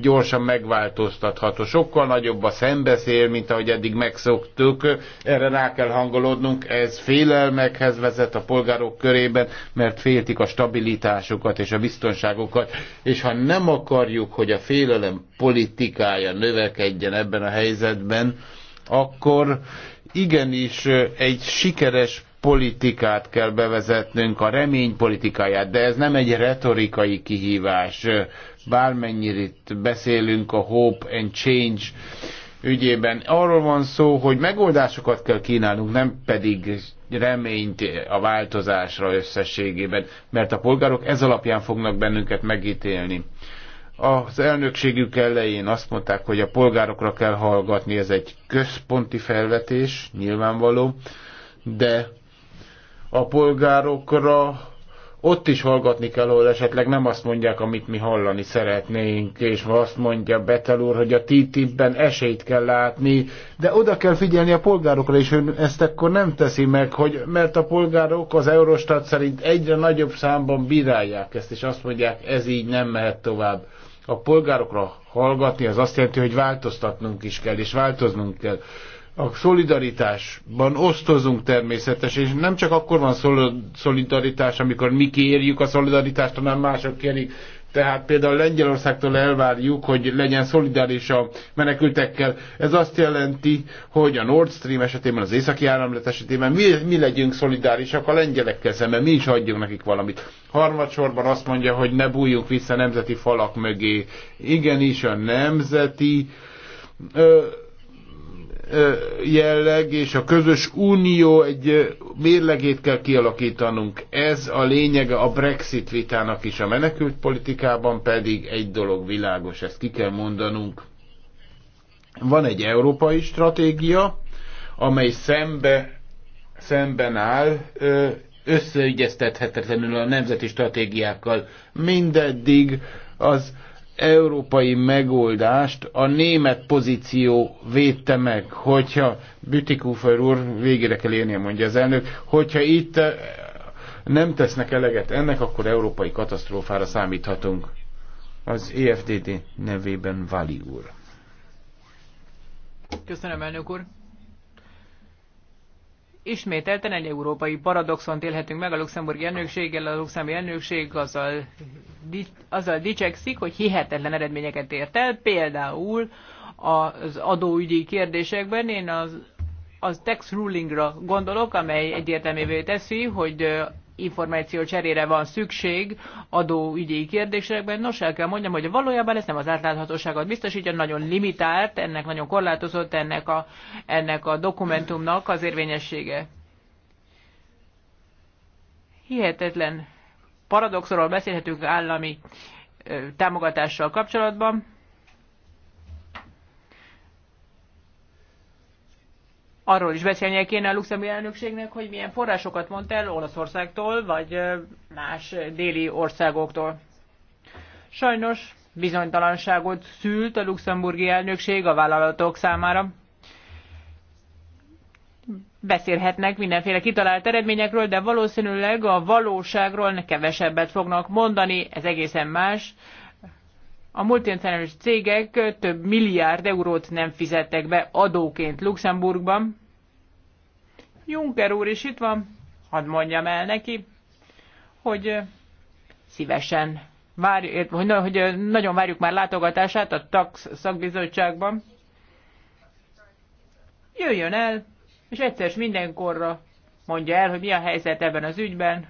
gyorsan megváltoztatható. Sokkal nagyobb a szembeszél, mint ahogy eddig megszoktuk. Erre rá kell hangolódnunk. Ez félelmekhez vezet a polgárok körében, mert féltik a stabilitásukat és a biztonságukat. És ha nem akarjuk, hogy a félelem politikája növekedjen ebben a helyzetben, akkor igenis egy sikeres politikát kell bevezetnünk, a remény politikáját, de ez nem egy retorikai kihívás bármennyire itt beszélünk a Hope and Change ügyében. Arról van szó, hogy megoldásokat kell kínálnunk, nem pedig reményt a változásra összességében, mert a polgárok ez alapján fognak bennünket megítélni. Az elnökségük elején azt mondták, hogy a polgárokra kell hallgatni, ez egy központi felvetés, nyilvánvaló, de a polgárokra ott is hallgatni kell, ahol esetleg nem azt mondják, amit mi hallani szeretnénk, és ha azt mondja Betel úr, hogy a TTIP-ben esélyt kell látni, de oda kell figyelni a polgárokra, és ön ezt akkor nem teszi meg, hogy, mert a polgárok az Eurostat szerint egyre nagyobb számban bírálják ezt, és azt mondják, ez így nem mehet tovább. A polgárokra hallgatni az azt jelenti, hogy változtatnunk is kell, és változnunk kell. A szolidaritásban osztozunk természetesen, és nem csak akkor van szolidaritás, amikor mi kérjük a szolidaritást, hanem mások kérik. Tehát például Lengyelországtól elvárjuk, hogy legyen szolidáris a menekültekkel. Ez azt jelenti, hogy a Nord Stream esetében, az északi áramlet esetében mi, mi legyünk szolidárisak a lengyelekkel szemben, mi is adjunk nekik valamit. Harmadsorban azt mondja, hogy ne bújjunk vissza nemzeti falak mögé. Igenis, a nemzeti... Ö, jelleg és a közös unió egy mérlegét kell kialakítanunk. Ez a lényege a Brexit vitának is. A menekült politikában pedig egy dolog világos, ezt ki kell mondanunk. Van egy európai stratégia, amely szembe, szemben áll összeügyeztethetetlenül a nemzeti stratégiákkal. Mindeddig az európai megoldást a német pozíció védte meg, hogyha Bütikufer úr, végére kell érnie, mondja az elnök, hogyha itt eh, nem tesznek eleget ennek, akkor európai katasztrófára számíthatunk. Az EFDD nevében Vali úr. Köszönöm, elnök úr ismételten egy európai paradoxont élhetünk meg a luxemburgi elnökséggel, a luxemburgi elnökség azzal, azzal dicsekszik, hogy hihetetlen eredményeket ért el, például az adóügyi kérdésekben én az, az tax rulingra gondolok, amely egyértelművé teszi, hogy információ cserére van szükség adóügyi kérdésekben. Nos, el kell mondjam, hogy valójában ez nem az átláthatóságot biztosítja, nagyon limitált, ennek nagyon korlátozott ennek a, ennek a dokumentumnak az érvényessége. Hihetetlen paradoxról beszélhetünk állami támogatással kapcsolatban. arról is beszélnie kéne a luxemburgi elnökségnek, hogy milyen forrásokat mond el Olaszországtól, vagy más déli országoktól. Sajnos bizonytalanságot szült a luxemburgi elnökség a vállalatok számára. Beszélhetnek mindenféle kitalált eredményekről, de valószínűleg a valóságról kevesebbet fognak mondani, ez egészen más a multinacionális cégek több milliárd eurót nem fizettek be adóként Luxemburgban. Juncker úr is itt van, hadd mondjam el neki, hogy szívesen várj, hogy, hogy nagyon várjuk már látogatását a TAX szakbizottságban. Jöjjön el, és egyszer mindenkorra mondja el, hogy mi a helyzet ebben az ügyben,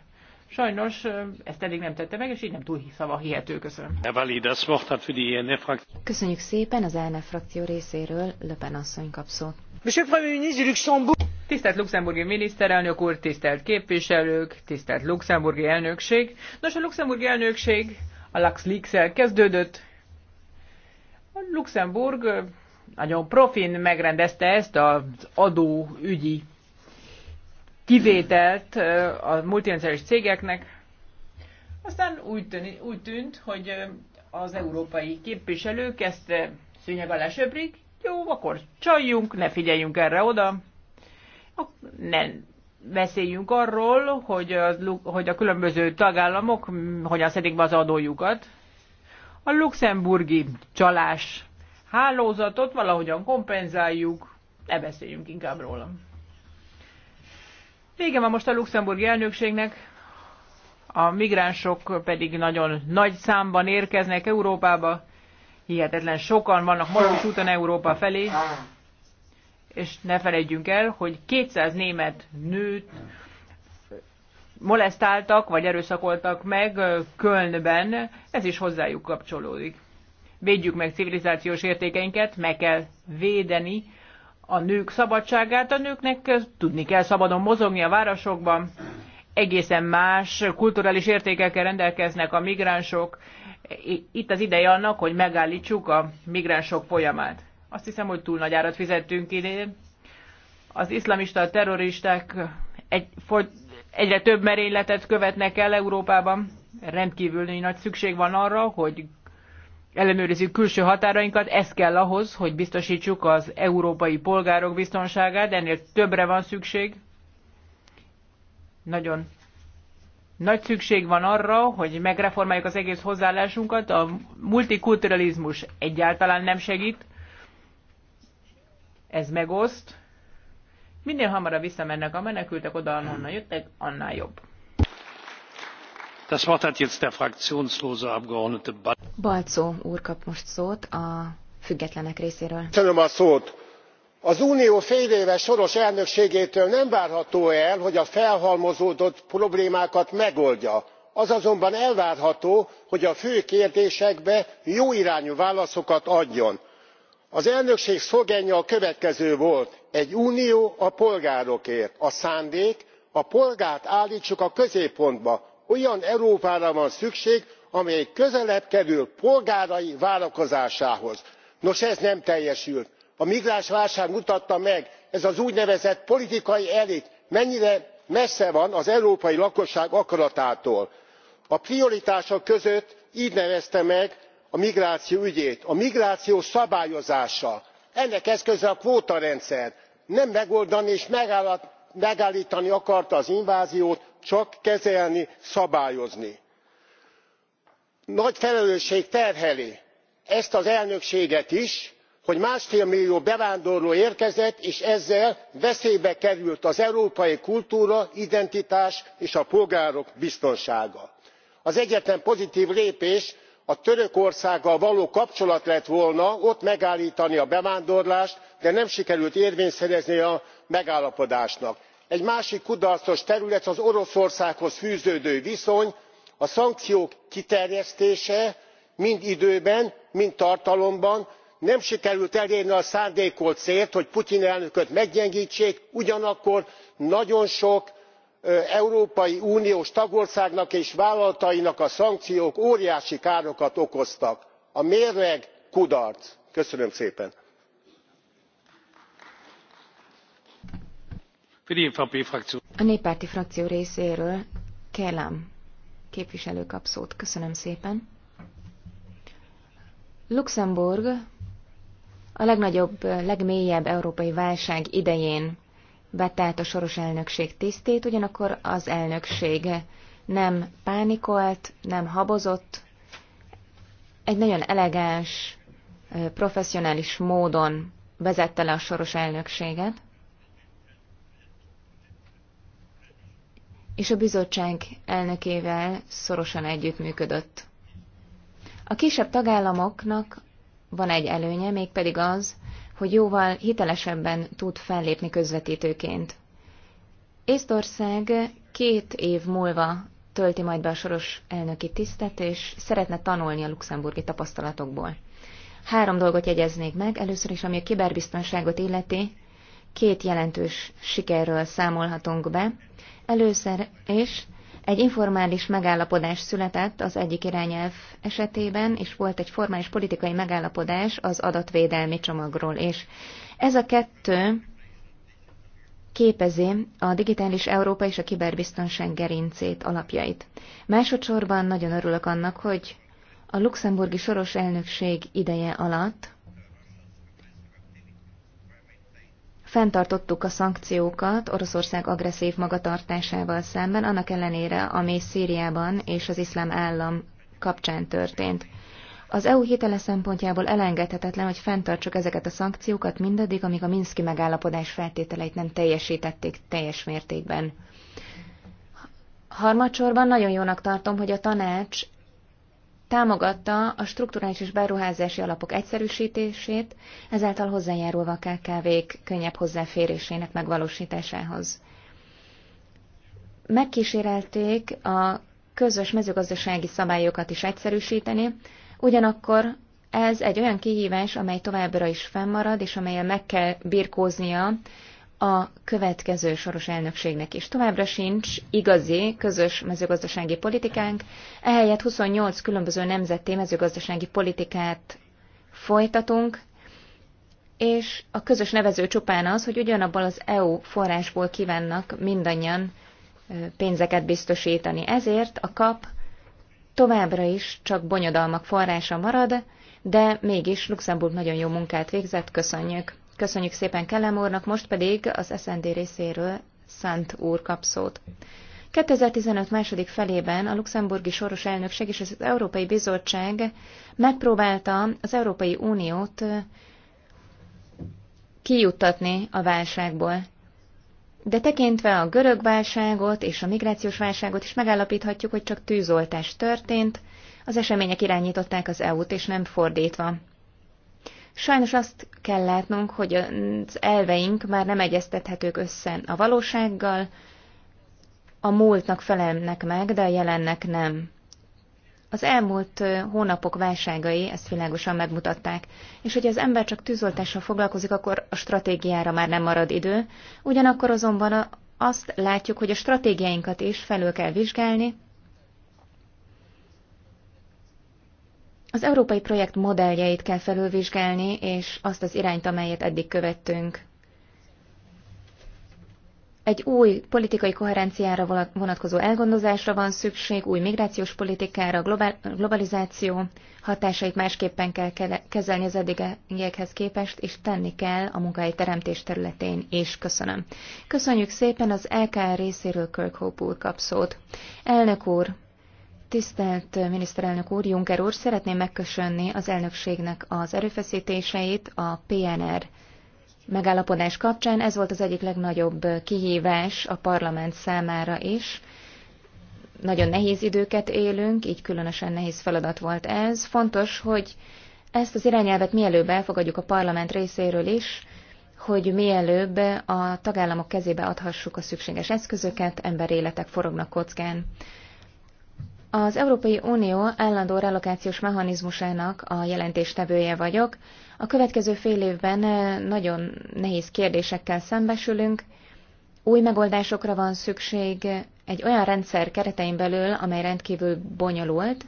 Sajnos ezt eddig nem tette meg, és így nem túl szava hihető. Köszönöm. E Köszönjük szépen az ELNE frakció részéről, Löpen asszony kap szót. Tisztelt luxemburgi miniszterelnök úr, tisztelt képviselők, tisztelt luxemburgi elnökség. Nos, a luxemburgi elnökség a LuxLeaks-el kezdődött. A Luxemburg nagyon profin megrendezte ezt az adóügyi kivételt a multinacionalis cégeknek. Aztán úgy, tűnt, úgy tűnt, hogy az európai képviselők ezt szőnyeg alá söprik, jó, akkor csaljunk, ne figyeljünk erre oda, ne beszéljünk arról, hogy a, hogy a különböző tagállamok hogyan szedik be az adójukat. A luxemburgi csalás hálózatot valahogyan kompenzáljuk, ne beszéljünk inkább róla. Vége van most a luxemburgi elnökségnek, a migránsok pedig nagyon nagy számban érkeznek Európába, hihetetlen sokan vannak most is úton Európa felé, és ne felejtjünk el, hogy 200 német nőt molesztáltak vagy erőszakoltak meg Kölnben, ez is hozzájuk kapcsolódik. Védjük meg civilizációs értékeinket, meg kell védeni a nők szabadságát. A nőknek tudni kell szabadon mozogni a városokban, egészen más kulturális értékekkel rendelkeznek a migránsok. Itt az ideje annak, hogy megállítsuk a migránsok folyamát. Azt hiszem, hogy túl nagy árat fizettünk idén. Az iszlamista terroristák egy, foly, egyre több merényletet követnek el Európában. Rendkívül nagy szükség van arra, hogy ellenőrizzük külső határainkat, ez kell ahhoz, hogy biztosítsuk az európai polgárok biztonságát, de ennél többre van szükség. Nagyon nagy szükség van arra, hogy megreformáljuk az egész hozzáállásunkat. A multikulturalizmus egyáltalán nem segít, ez megoszt. Minél hamarabb visszamennek a menekültek oda, ahonnan jöttek, annál jobb. Das úr kap most szót a függetlenek részéről. szót az unió féléves soros elnökségétől nem várható el hogy a felhalmozódott problémákat megoldja az azonban elvárható hogy a fő kérdésekre jóirányú válaszokat adjon. az elnökség szlogenje a következő volt egy unió a polgárokért. a szándék a polgárt álltsuk a középpontba olyan európára van szükség amely közelebb kerül polgárai várakozásához. nos ez nem teljesült. a migránsválság mutatta meg ez az úgynevezett politikai elit mennyire messze van az európai lakosság akaratától. a prioritások között gy nevezte meg a migráció ügyét a migráció szabályozása. ennek eszköze a kvótarendszer. nem megoldani és megálltani akarta az inváziót csak kezelni szabályozni. nagy felelősség terheli ezt az elnökséget is hogy másfél millió bevándorló érkezett és ezzel veszélybe került az európai kultúra identitás és a polgárok biztonsága. az egyetlen pozitv lépés a törökországgal való kapcsolat lett volna ott megálltani a bevándorlást de nem sikerült érvényt szerezni a megállapodásnak. egy másik kudarcos terület az oroszországhoz fűződő viszony a szankciók kiterjesztése mind időben mind tartalomban. nem sikerült elérni a szándékolt célt hogy putyin elnököt meggyengtsék ugyanakkor nagyon sok európai uniós tagországnak és vállalatainak a szankciók óriási károkat okoztak. a mérleg kudarc. köszönöm szépen! a néppárti frakció részéről kelam képviselő köszönöm szépen! luxemburg a legnagyobb legmélyebb európai válság idején vette át a soros elnökség tisztét, ugyanakkor az elnökség nem pánikolt, nem habozott, egy nagyon elegáns, professzionális módon vezette le a soros elnökséget, és a bizottság elnökével szorosan együttműködött. A kisebb tagállamoknak van egy előnye, mégpedig az, hogy jóval hitelesebben tud fellépni közvetítőként. Észtország két év múlva tölti majd be a soros elnöki tisztet, és szeretne tanulni a luxemburgi tapasztalatokból. Három dolgot jegyeznék meg, először is, ami a kiberbiztonságot illeti, két jelentős sikerről számolhatunk be. Először is egy informális megállapodás született az egyik irányelv esetében, és volt egy formális politikai megállapodás az adatvédelmi csomagról és Ez a kettő képezi a digitális Európa és a kiberbiztonság gerincét, alapjait. Másodszorban nagyon örülök annak, hogy a luxemburgi soros elnökség ideje alatt Fentartottuk a szankciókat Oroszország agresszív magatartásával szemben, annak ellenére, ami Szíriában és az iszlám állam kapcsán történt. Az EU hitele szempontjából elengedhetetlen, hogy fenntartsuk ezeket a szankciókat mindaddig, amíg a Minszki megállapodás feltételeit nem teljesítették teljes mértékben. Harmadsorban nagyon jónak tartom, hogy a tanács támogatta a strukturális és beruházási alapok egyszerűsítését, ezáltal hozzájárulva a KKV-k könnyebb hozzáférésének megvalósításához. Megkísérelték a közös mezőgazdasági szabályokat is egyszerűsíteni, ugyanakkor ez egy olyan kihívás, amely továbbra is fennmarad, és amelyel meg kell birkóznia a következő soros elnökségnek is. Továbbra sincs igazi közös mezőgazdasági politikánk, ehelyett 28 különböző nemzeti mezőgazdasági politikát folytatunk, és a közös nevező csupán az, hogy ugyanabból az EU forrásból kívánnak mindannyian pénzeket biztosítani. Ezért a kap továbbra is csak bonyodalmak forrása marad, de mégis Luxemburg nagyon jó munkát végzett, köszönjük. Köszönjük szépen Kellem úrnak, most pedig az SND részéről Szent úr kap szót. 2015 második felében a luxemburgi soros elnökség és az Európai Bizottság megpróbálta az Európai Uniót kijuttatni a válságból. De tekintve a görög válságot és a migrációs válságot is megállapíthatjuk, hogy csak tűzoltás történt, az események irányították az EU-t, és nem fordítva. Sajnos azt kell látnunk, hogy az elveink már nem egyeztethetők össze a valósággal, a múltnak felelnek meg, de a jelennek nem. Az elmúlt hónapok válságai ezt világosan megmutatták, és hogy az ember csak tűzoltással foglalkozik, akkor a stratégiára már nem marad idő, ugyanakkor azonban azt látjuk, hogy a stratégiáinkat is felül kell vizsgálni, Az európai projekt modelljeit kell felülvizsgálni, és azt az irányt, amelyet eddig követtünk. Egy új politikai koherenciára vonatkozó elgondozásra van szükség, új migrációs politikára, globalizáció hatásait másképpen kell kezelni az eddigiekhez képest, és tenni kell a munkai teremtés területén is. Köszönöm. Köszönjük szépen az LKR részéről Kirk Hope úr kapszót. Elnök úr, Tisztelt miniszterelnök úr, Juncker úr, szeretném megköszönni az elnökségnek az erőfeszítéseit a PNR megállapodás kapcsán. Ez volt az egyik legnagyobb kihívás a parlament számára is. Nagyon nehéz időket élünk, így különösen nehéz feladat volt ez. Fontos, hogy ezt az irányelvet mielőbb elfogadjuk a parlament részéről is, hogy mielőbb a tagállamok kezébe adhassuk a szükséges eszközöket, emberéletek forognak kockán. Az Európai Unió állandó relokációs mechanizmusának a jelentéstevője vagyok. A következő fél évben nagyon nehéz kérdésekkel szembesülünk. Új megoldásokra van szükség egy olyan rendszer keretein belül, amely rendkívül bonyolult,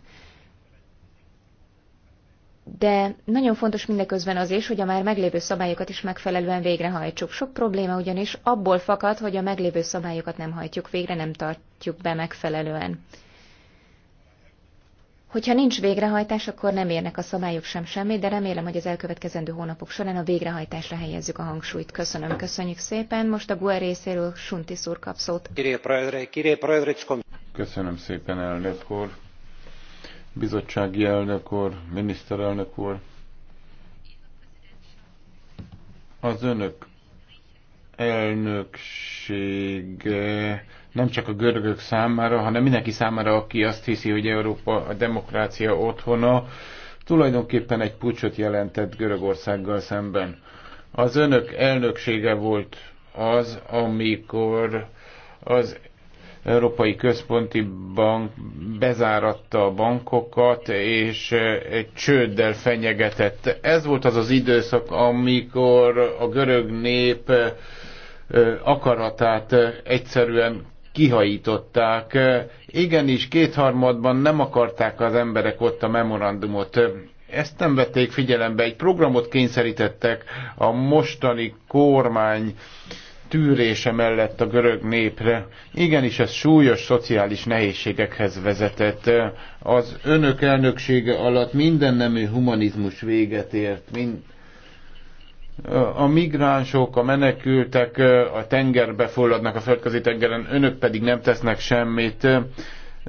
de nagyon fontos mindeközben az is, hogy a már meglévő szabályokat is megfelelően végrehajtsuk. Sok probléma ugyanis abból fakad, hogy a meglévő szabályokat nem hajtjuk végre, nem tartjuk be megfelelően. Hogyha nincs végrehajtás, akkor nem érnek a szabályok sem semmit, de remélem, hogy az elkövetkezendő hónapok során a végrehajtásra helyezzük a hangsúlyt. Köszönöm, köszönjük szépen. Most a GUE részéről Sunti szúr kap szót. Köszönöm szépen, elnök úr, bizottsági elnök úr, miniszterelnök úr. Az önök elnökség lehetőség eh, nem csak a görögök számára, hanem mindenki számára, aki azt hiszi, hogy Európa a demokrácia otthona, tulajdonképpen egy pucsot jelentett Görögországgal szemben. Az önök elnöksége volt az, amikor az Európai Központi Bank bezáratta a bankokat, és eh, egy csőddel fenyegetett. Ez volt az az időszak, amikor a görög nép eh, akaratát egyszerűen kihajították. Igenis, kétharmadban nem akarták az emberek ott a memorandumot. Ezt nem vették figyelembe, egy programot kényszerítettek a mostani kormány tűrése mellett a görög népre. Igenis, ez súlyos szociális nehézségekhez vezetett. Az önök elnöksége alatt minden nemű humanizmus véget ért, mind a migránsok, a menekültek a tengerbe fulladnak a földközi tengeren, önök pedig nem tesznek semmit.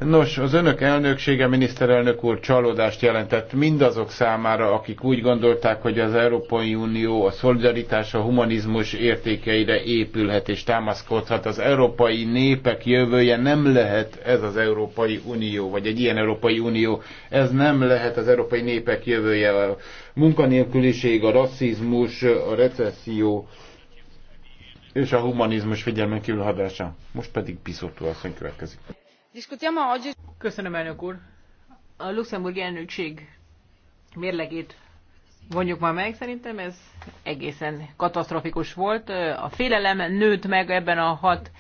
Nos, az önök elnöksége, miniszterelnök úr csalódást jelentett mindazok számára, akik úgy gondolták, hogy az Európai Unió a szolidaritás, a humanizmus értékeire épülhet és támaszkodhat. Az európai népek jövője nem lehet ez az Európai Unió, vagy egy ilyen Európai Unió. Ez nem lehet az európai népek jövője. A munkanélküliség, a rasszizmus, a recesszió és a humanizmus figyelmen kívül hadása. Most pedig Piszortó asszony következik. Discutiamo oggi... Köszönöm, elnök úr. A luxemburgi elnökség mérlegét vonjuk már meg, szerintem ez egészen katasztrofikus volt. A félelem nőtt meg ebben a hat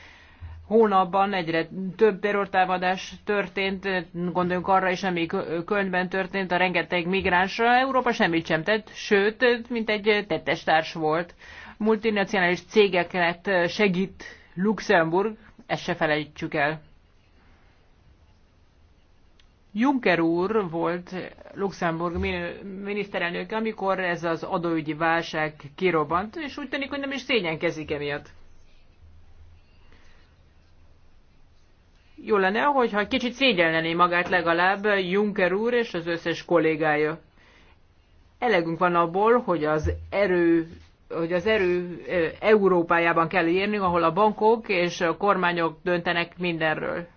hónapban egyre több terrortámadás történt, gondoljunk arra is, ami könyvben történt, a rengeteg migránsra Európa semmit sem tett, sőt, mint egy tettestárs volt. Multinacionális cégeknek segít Luxemburg, ezt se felejtsük el. Juncker úr volt Luxemburg miniszterelnöke, amikor ez az adóügyi válság kirobbant, és úgy tűnik, hogy nem is szégyenkezik emiatt. Jó lenne, hogyha kicsit szégyellené magát legalább Juncker úr és az összes kollégája. Elegünk van abból, hogy az erő hogy az erő Európájában kell érni, ahol a bankok és a kormányok döntenek mindenről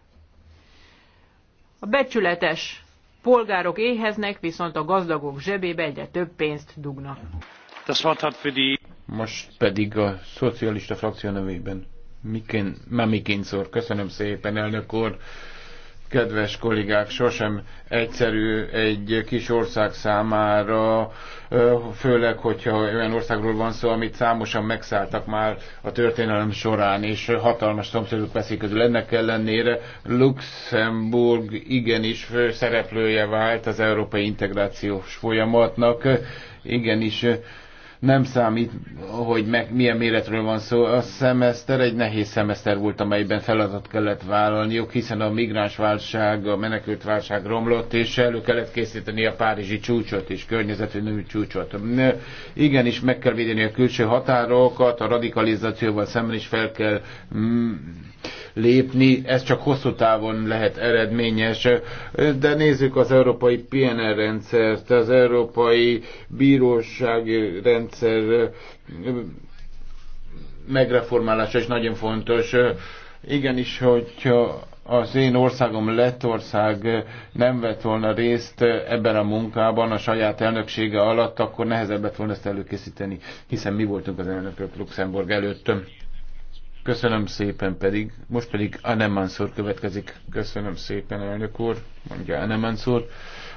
a becsületes polgárok éheznek, viszont a gazdagok zsebébe egyre több pénzt dugnak. Most pedig a szocialista frakció nevében Miken, Mamikin szor, köszönöm szépen, elnök úr kedves kollégák, sosem egyszerű egy kis ország számára, főleg, hogyha olyan országról van szó, amit számosan megszálltak már a történelem során, és hatalmas szomszédok veszik közül. Ennek ellenére Luxemburg igenis szereplője vált az európai integrációs folyamatnak, igenis nem számít, hogy meg, milyen méretről van szó. A szemeszter egy nehéz szemeszter volt, amelyben feladat kellett vállalniuk, hiszen a migránsválság, a menekültválság romlott, és elő kellett készíteni a párizsi csúcsot és környezetvédelmi csúcsot. Igen, is meg kell védeni a külső határokat, a radikalizációval szemben is fel kell mm, lépni, ez csak hosszú távon lehet eredményes. De nézzük az európai PNR rendszert, az európai bírósági rendszer megreformálása is nagyon fontos. Igenis, hogyha az én országom Lettország nem vett volna részt ebben a munkában a saját elnöksége alatt, akkor nehezebbet volna ezt előkészíteni, hiszen mi voltunk az elnökök Luxemburg előtt. Köszönöm szépen pedig. Most pedig anemansor következik. Köszönöm szépen, elnök úr, mondja anemansor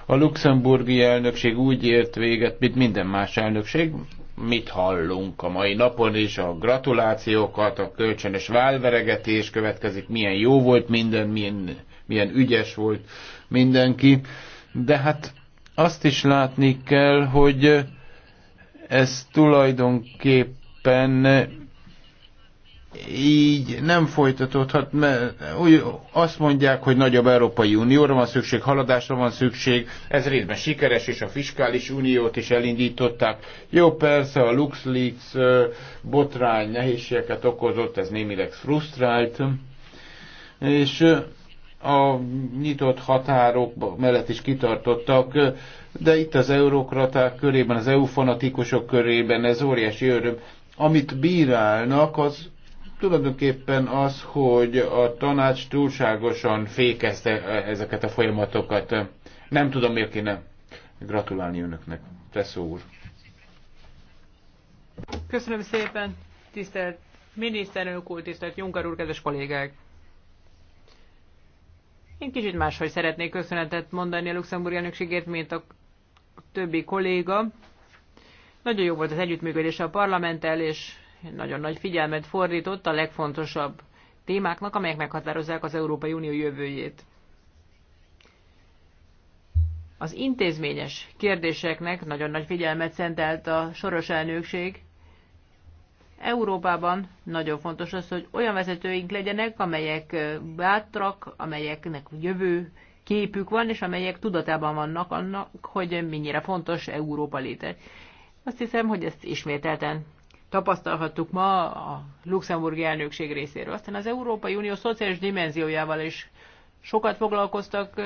A luxemburgi elnökség úgy ért véget, mint minden más elnökség. Mit hallunk a mai napon is? A gratulációkat, a kölcsönös válveregetés következik. Milyen jó volt minden, milyen, milyen ügyes volt mindenki. De hát azt is látni kell, hogy ez tulajdonképpen így nem folytatódhat, mert úgy azt mondják, hogy nagyobb Európai Unióra van szükség, haladásra van szükség, ez részben sikeres, és a fiskális uniót is elindították. Jó, persze a LuxLeaks botrány nehézségeket okozott, ez némileg frusztrált, és a nyitott határok mellett is kitartottak, de itt az eurokraták körében, az EU fanatikusok körében ez óriási öröm. Amit bírálnak, az tulajdonképpen az, hogy a tanács túlságosan fékezte e, ezeket a folyamatokat. Nem tudom, miért kéne gratulálni önöknek. Tesszó úr. Köszönöm szépen, tisztelt miniszterelnök úr, tisztelt Juncker úr, kedves kollégák! Én kicsit máshogy szeretnék köszönetet mondani a Luxemburg elnökségért, mint a többi kolléga. Nagyon jó volt az együttműködés a parlamenttel, és nagyon nagy figyelmet fordított a legfontosabb témáknak, amelyek meghatározzák az Európai Unió jövőjét. Az intézményes kérdéseknek nagyon nagy figyelmet szentelt a soros elnökség. Európában nagyon fontos az, hogy olyan vezetőink legyenek, amelyek bátrak, amelyeknek jövő képük van, és amelyek tudatában vannak annak, hogy mennyire fontos Európa léte. Azt hiszem, hogy ezt ismételten tapasztalhattuk ma a luxemburgi elnökség részéről. Aztán az Európai Unió szociális dimenziójával is sokat foglalkoztak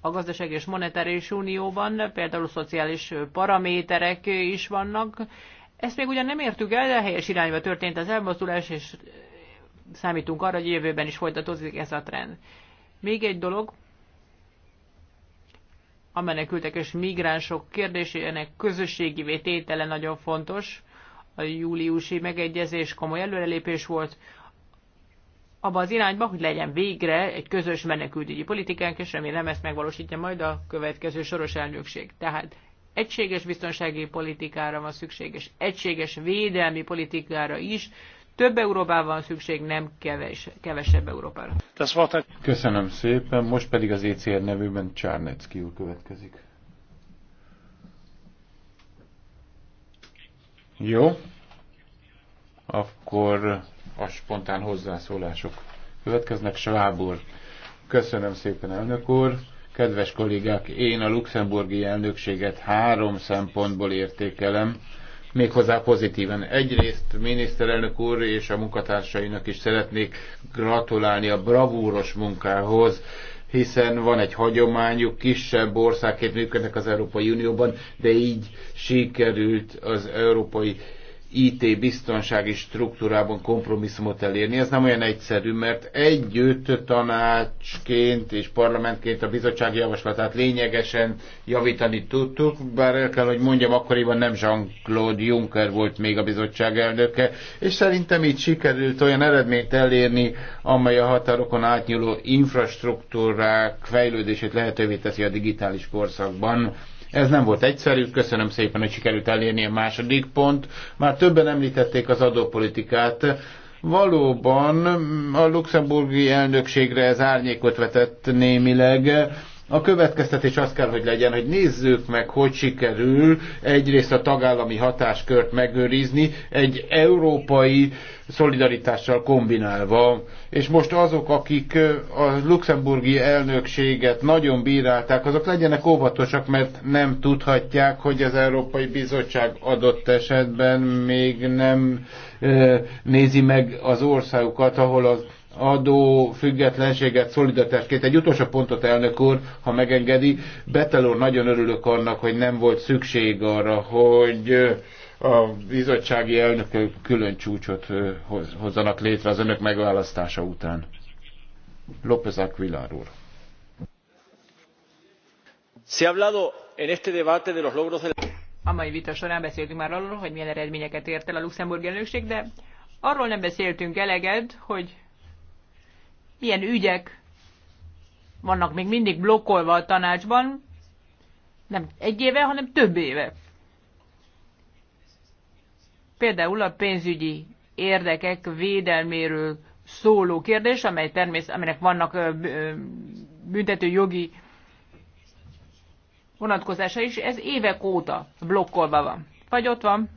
a gazdaság és monetáris unióban, például szociális paraméterek is vannak. Ezt még ugyan nem értük el, de helyes irányba történt az elmozdulás, és számítunk arra, hogy jövőben is folytatódik ez a trend. Még egy dolog, a menekültek és migránsok kérdésének közösségi vététele nagyon fontos a júliusi megegyezés komoly előrelépés volt abba az irányba, hogy legyen végre egy közös menekültügyi politikánk, és remélem ezt megvalósítja majd a következő soros elnökség. Tehát egységes biztonsági politikára van szükség, és egységes védelmi politikára is. Több Európában van szükség, nem keves, kevesebb Európára. Köszönöm szépen, most pedig az ECR nevűben Csárnecki úr következik. Jó. Akkor a spontán hozzászólások következnek. Schwab Köszönöm szépen, elnök úr. Kedves kollégák, én a luxemburgi elnökséget három szempontból értékelem, méghozzá pozitíven. Egyrészt miniszterelnök úr és a munkatársainak is szeretnék gratulálni a bravúros munkához, hiszen van egy hagyományuk, kisebb országként működnek az Európai Unióban, de így sikerült az európai IT biztonsági struktúrában kompromisszumot elérni. Ez nem olyan egyszerű, mert együtt tanácsként és parlamentként a bizottság javaslatát lényegesen javítani tudtuk, bár el kell, hogy mondjam, akkoriban nem Jean-Claude Juncker volt még a bizottság elnöke, és szerintem így sikerült olyan eredményt elérni, amely a határokon átnyúló infrastruktúrák fejlődését lehetővé teszi a digitális korszakban ez nem volt egyszerű, köszönöm szépen, hogy sikerült elérni a második pont. Már többen említették az adópolitikát. Valóban a luxemburgi elnökségre ez árnyékot vetett némileg a következtetés az kell, hogy legyen, hogy nézzük meg, hogy sikerül egyrészt a tagállami hatáskört megőrizni, egy európai szolidaritással kombinálva. És most azok, akik a luxemburgi elnökséget nagyon bírálták, azok legyenek óvatosak, mert nem tudhatják, hogy az Európai Bizottság adott esetben még nem nézi meg az országukat, ahol az adó függetlenséget, szolidatásként. Egy utolsó pontot, elnök úr, ha megengedi. Betelor, nagyon örülök annak, hogy nem volt szükség arra, hogy a bizottsági elnök külön csúcsot hozzanak létre az önök megválasztása után. López Aquilar úr. Se hablado en este debate de los logros de A mai vita során beszéltünk már arról, hogy milyen eredményeket ért el a Luxemburg elnökség, de arról nem beszéltünk eleget, hogy milyen ügyek vannak még mindig blokkolva a tanácsban, nem egy éve, hanem több éve. Például a pénzügyi érdekek védelméről szóló kérdés, amely termés aminek vannak büntető jogi vonatkozása is, ez évek óta blokkolva van. Vagy ott van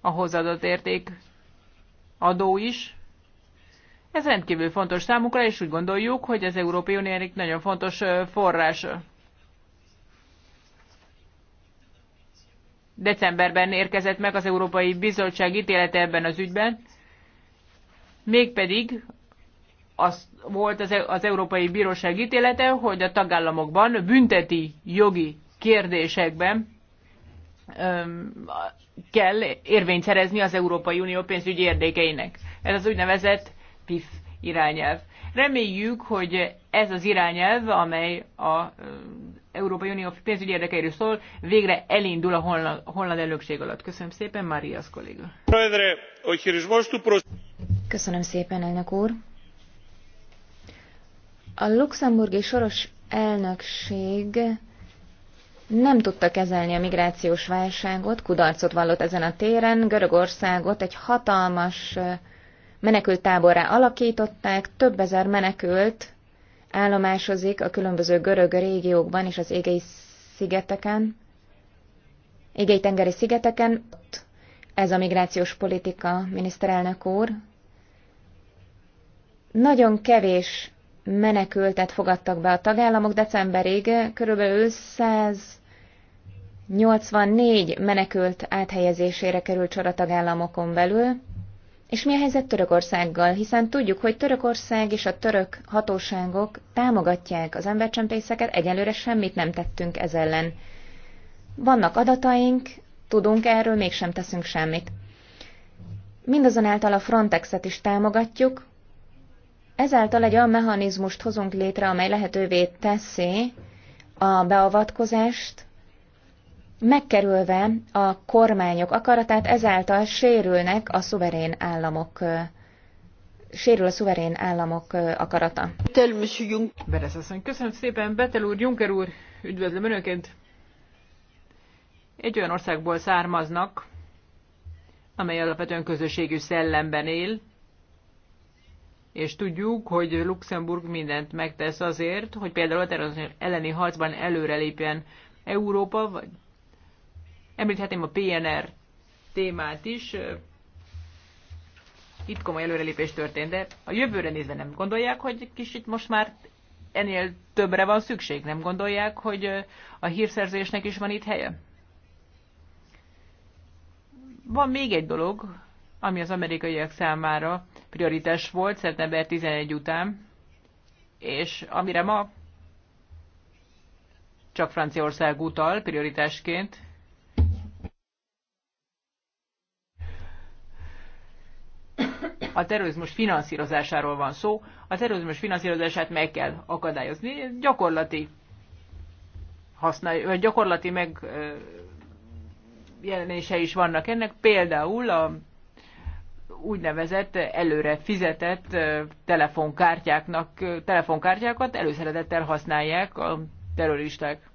a hozzáadott érték adó is, ez rendkívül fontos számukra, és úgy gondoljuk, hogy az Európai egy nagyon fontos forrás. Decemberben érkezett meg az Európai Bizottság ítélete ebben az ügyben, mégpedig az volt az, az Európai Bíróság ítélete, hogy a tagállamokban bünteti jogi kérdésekben öm, kell érvényt szerezni az Európai Unió pénzügyi érdekeinek. Ez az úgynevezett PIF irányelv. Reméljük, hogy ez az irányelv, amely a Európai Unió pénzügyi érdekeiről szól, végre elindul a holland, holland elnökség alatt. Köszönöm szépen, Marias kolléga. Köszönöm szépen, elnök úr. A luxemburgi soros elnökség nem tudta kezelni a migrációs válságot, kudarcot vallott ezen a téren, Görögországot egy hatalmas menekülttáborrá alakították, több ezer menekült állomásozik a különböző görög régiókban és az égei szigeteken, égei tengeri szigeteken. Ez a migrációs politika, miniszterelnök úr. Nagyon kevés menekültet fogadtak be a tagállamok decemberig, körülbelül 184 menekült áthelyezésére került sor a tagállamokon belül. És mi a helyzet Törökországgal? Hiszen tudjuk, hogy Törökország és a török hatóságok támogatják az embercsempészeket, egyelőre semmit nem tettünk ez ellen. Vannak adataink, tudunk erről, mégsem teszünk semmit. Mindazonáltal a Frontexet is támogatjuk, ezáltal egy olyan mechanizmust hozunk létre, amely lehetővé teszi a beavatkozást megkerülve a kormányok akaratát, ezáltal sérülnek a szuverén államok sérül a szuverén államok akarata. Beres köszönöm szépen, Betel úr, Juncker úr, üdvözlöm Önöket! Egy olyan országból származnak, amely alapvetően közösségű szellemben él, és tudjuk, hogy Luxemburg mindent megtesz azért, hogy például a terrorizmus elleni harcban előrelépjen Európa, vagy Említhetném a PNR témát is. Itt komoly előrelépés történt, de a jövőre nézve nem gondolják, hogy kicsit most már ennél többre van szükség? Nem gondolják, hogy a hírszerzésnek is van itt helye? Van még egy dolog, ami az amerikaiak számára prioritás volt szeptember 11 után, és amire ma csak Franciaország utal prioritásként, a terrorizmus finanszírozásáról van szó, a terrorizmus finanszírozását meg kell akadályozni, gyakorlati használ, vagy gyakorlati meg jelenése is vannak ennek, például a úgynevezett előre fizetett telefonkártyáknak, telefonkártyákat előszeretettel használják a terroristák.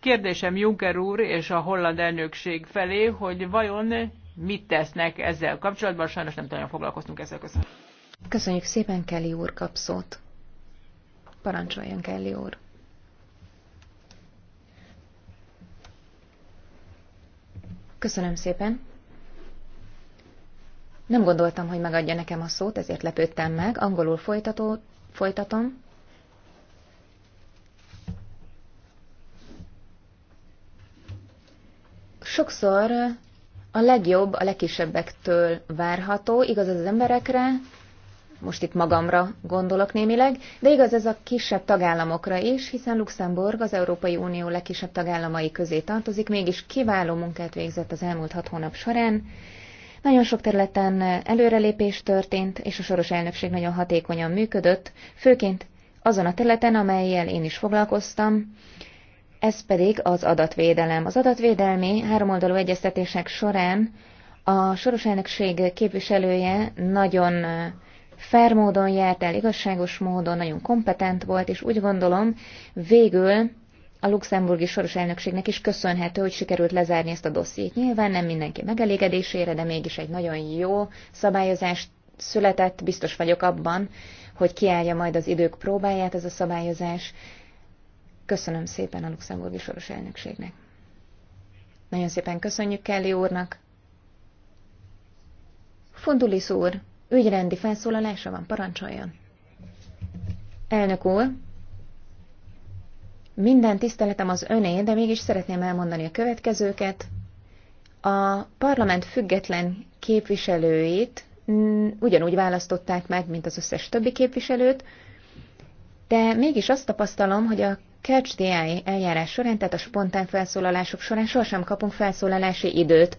Kérdésem Juncker úr és a holland elnökség felé, hogy vajon mit tesznek ezzel kapcsolatban. Sajnos nem nagyon foglalkoztunk ezzel. Köszönöm. Köszönjük szépen, Kelly úr kapszót. Parancsoljon, Kelly úr. Köszönöm szépen. Nem gondoltam, hogy megadja nekem a szót, ezért lepődtem meg. Angolul folytató, folytatom. Sokszor a legjobb a legkisebbektől várható, igaz az emberekre, most itt magamra gondolok némileg, de igaz ez a kisebb tagállamokra is, hiszen Luxemburg az Európai Unió legkisebb tagállamai közé tartozik, mégis kiváló munkát végzett az elmúlt hat hónap során. Nagyon sok területen előrelépés történt, és a soros elnökség nagyon hatékonyan működött, főként azon a területen, amelyel én is foglalkoztam, ez pedig az adatvédelem. Az adatvédelmi háromoldalú egyeztetések során a soros elnökség képviselője nagyon fair módon járt el, igazságos módon, nagyon kompetent volt, és úgy gondolom, végül a luxemburgi soros elnökségnek is köszönhető, hogy sikerült lezárni ezt a dossziét. Nyilván nem mindenki megelégedésére, de mégis egy nagyon jó szabályozást született. Biztos vagyok abban, hogy kiállja majd az idők próbáját ez a szabályozás, Köszönöm szépen a luxemburgi soros elnökségnek. Nagyon szépen köszönjük Kelly úrnak. Fundulis úr, ügyrendi felszólalása van, parancsoljon. Elnök úr, minden tiszteletem az öné, de mégis szeretném elmondani a következőket. A parlament független képviselőit ugyanúgy választották meg, mint az összes többi képviselőt, de mégis azt tapasztalom, hogy a catch the eye eljárás során, tehát a spontán felszólalások során sohasem kapunk felszólalási időt.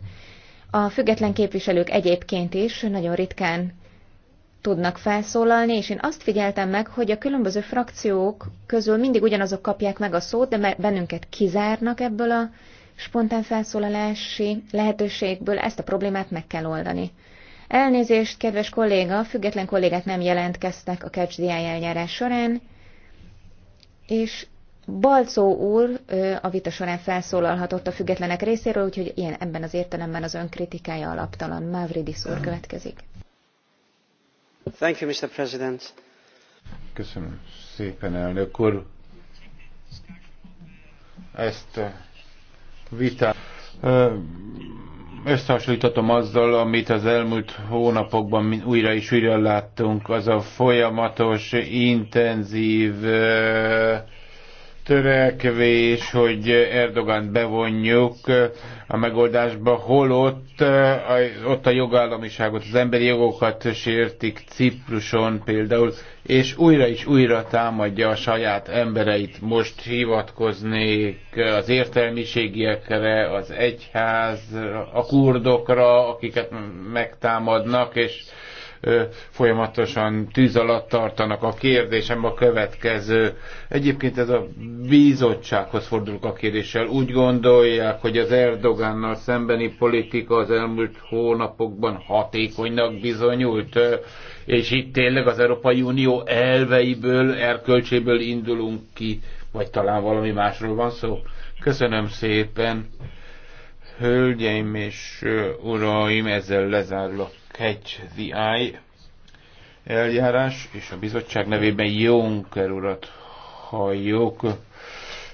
A független képviselők egyébként is nagyon ritkán tudnak felszólalni, és én azt figyeltem meg, hogy a különböző frakciók közül mindig ugyanazok kapják meg a szót, de bennünket kizárnak ebből a spontán felszólalási lehetőségből, ezt a problémát meg kell oldani. Elnézést, kedves kolléga, független kollégák nem jelentkeztek a catch the eljárás során, és Balcó úr a vita során felszólalhatott a függetlenek részéről, úgyhogy ilyen ebben az értelemben az önkritikája alaptalan. Mavridis úr következik. Thank you, Mr. President. Köszönöm szépen, elnök úr. Ezt a vitát összehasonlítatom azzal, amit az elmúlt hónapokban újra és újra láttunk, az a folyamatos, intenzív törekvés, hogy Erdogan bevonjuk a megoldásba, holott ott a jogállamiságot, az emberi jogokat sértik Cipruson például, és újra is újra támadja a saját embereit. Most hivatkoznék az értelmiségiekre, az egyház, a kurdokra, akiket megtámadnak, és folyamatosan tűz alatt tartanak. A kérdésem a következő. Egyébként ez a bizottsághoz fordulok a kérdéssel. Úgy gondolják, hogy az Erdogánnal szembeni politika az elmúlt hónapokban hatékonynak bizonyult, és itt tényleg az Európai Unió elveiből, erkölcséből indulunk ki, vagy talán valami másról van szó. Köszönöm szépen. Hölgyeim és uraim, ezzel lezárul Catch the Eye eljárás, és a bizottság nevében Jónker urat halljuk.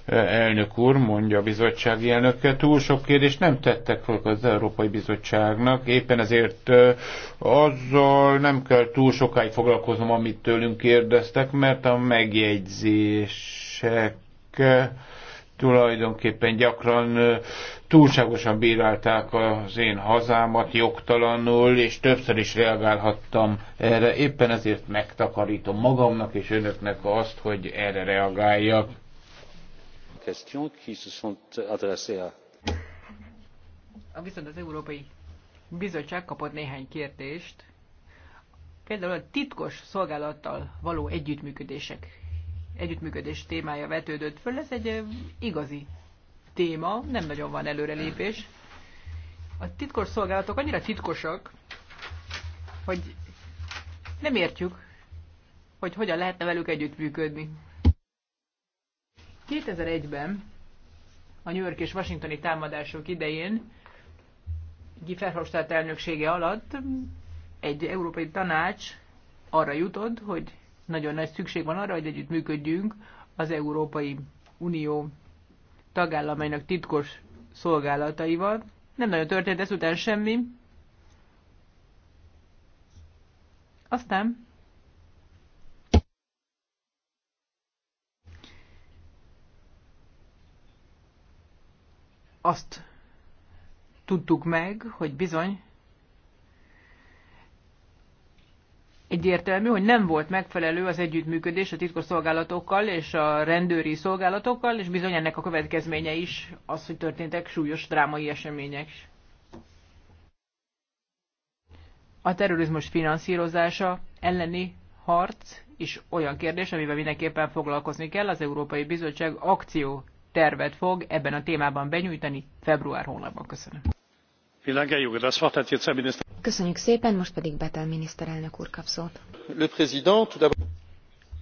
Elnök úr, mondja a bizottsági elnöke, túl sok kérdést nem tettek fel az Európai Bizottságnak, éppen ezért azzal nem kell túl sokáig foglalkoznom, amit tőlünk kérdeztek, mert a megjegyzések tulajdonképpen gyakran túlságosan bírálták az én hazámat jogtalanul, és többször is reagálhattam erre. Éppen ezért megtakarítom magamnak és önöknek azt, hogy erre reagáljak. A Viszont az Európai Bizottság kapott néhány kérdést, például a titkos szolgálattal való együttműködések együttműködés témája vetődött föl. Ez egy igazi téma, nem nagyon van előrelépés. A titkos szolgálatok annyira titkosak, hogy nem értjük, hogy hogyan lehetne velük együttműködni. 2001-ben a New York és Washingtoni támadások idején Guy Verhofstadt elnöksége alatt egy európai tanács arra jutott, hogy nagyon nagy szükség van arra, hogy együtt működjünk az Európai Unió tagállamainak titkos szolgálataival. Nem nagyon történt után semmi. Aztán azt tudtuk meg, hogy bizony egyértelmű, hogy nem volt megfelelő az együttműködés a szolgálatokkal és a rendőri szolgálatokkal, és bizony ennek a következménye is az, hogy történtek súlyos drámai események. A terrorizmus finanszírozása elleni harc is olyan kérdés, amivel mindenképpen foglalkozni kell. Az Európai Bizottság akció tervet fog ebben a témában benyújtani február hónapban. Köszönöm. Köszönjük szépen, most pedig Betel miniszterelnök úr kap szót.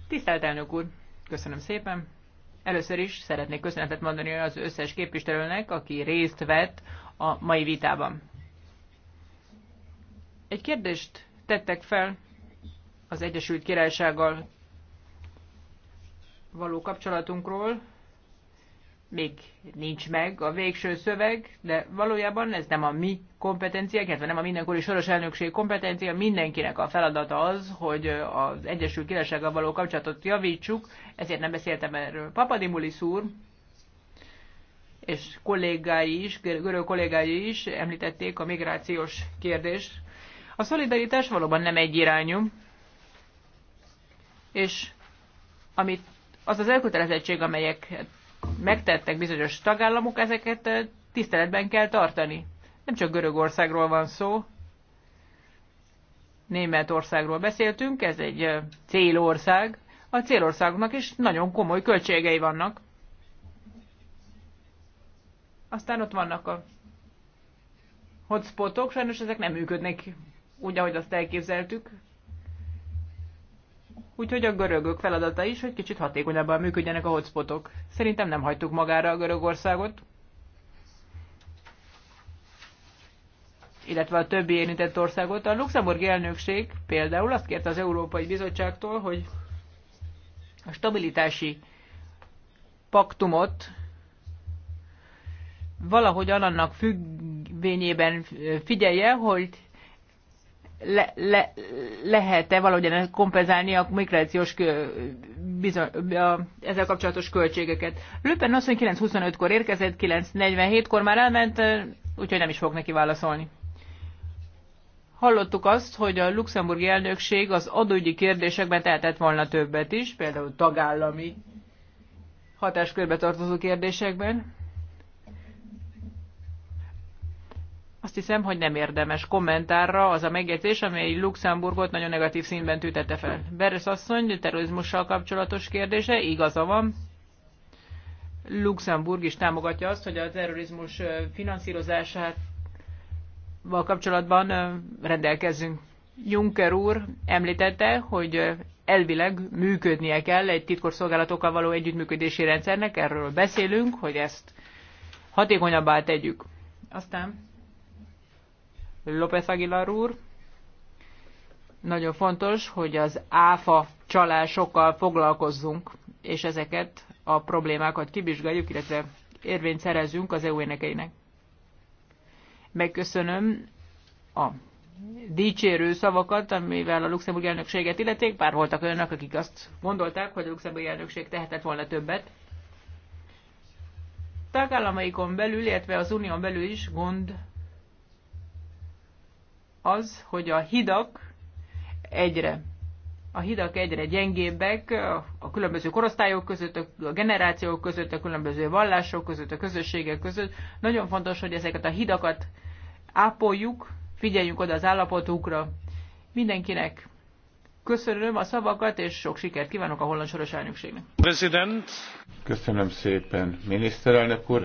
Tisztelt elnök úr, köszönöm szépen. Először is szeretnék köszönetet mondani az összes képviselőnek, aki részt vett a mai vitában. Egy kérdést tettek fel az Egyesült Királysággal való kapcsolatunkról, még nincs meg a végső szöveg, de valójában ez nem a mi kompetenciák, illetve nem a mindenkori soros elnökség kompetencia, mindenkinek a feladata az, hogy az Egyesült Királysággal való kapcsolatot javítsuk, ezért nem beszéltem erről. Papadimulis úr és kollégái is, görög kollégái is említették a migrációs kérdést. A szolidaritás valóban nem egyirányú, és amit az az elkötelezettség, amelyeket megtettek bizonyos tagállamok, ezeket tiszteletben kell tartani. Nem csak Görögországról van szó, Németországról beszéltünk, ez egy célország. A célországnak is nagyon komoly költségei vannak. Aztán ott vannak a hotspotok, sajnos ezek nem működnek úgy, ahogy azt elképzeltük. Úgyhogy a görögök feladata is, hogy kicsit hatékonyabban működjenek a hotspotok. Szerintem nem hagytuk magára a Görögországot. illetve a többi érintett országot. A luxemburgi elnökség például azt kérte az Európai Bizottságtól, hogy a stabilitási paktumot valahogy annak függvényében figyelje, hogy le, le, lehet-e valahogyan kompenzálni a migrációs bizony, a, ezzel kapcsolatos költségeket. Löpen asszony 9.25-kor érkezett, 9.47-kor már elment, úgyhogy nem is fog neki válaszolni. Hallottuk azt, hogy a luxemburgi elnökség az adógyi kérdésekben tehetett volna többet is, például tagállami hatáskörbe tartozó kérdésekben. azt hiszem, hogy nem érdemes kommentárra az a megjegyzés, amely Luxemburgot nagyon negatív színben tüntette fel. Beres asszony, terrorizmussal kapcsolatos kérdése, igaza van. Luxemburg is támogatja azt, hogy a terrorizmus finanszírozásával kapcsolatban rendelkezzünk. Juncker úr említette, hogy elvileg működnie kell egy titkosszolgálatokkal való együttműködési rendszernek, erről beszélünk, hogy ezt hatékonyabbá tegyük. Aztán López Aguilar úr. Nagyon fontos, hogy az áfa csalásokkal foglalkozzunk, és ezeket a problémákat kibizsgáljuk, illetve érvényt szerezzünk az EU énekeinek. Megköszönöm a dicsérő szavakat, amivel a luxemburgi elnökséget illeték, bár voltak olyanok, akik azt gondolták, hogy a luxemburgi elnökség tehetett volna többet. Tagállamaikon belül, illetve az unión belül is gond az, hogy a hidak egyre a hidak egyre gyengébbek a különböző korosztályok között, a generációk között, a különböző vallások között, a közösségek között. Nagyon fontos, hogy ezeket a hidakat ápoljuk, figyeljünk oda az állapotukra. Mindenkinek köszönöm a szavakat, és sok sikert kívánok a holland soros elnökségnek. President. Köszönöm szépen, miniszterelnök úr.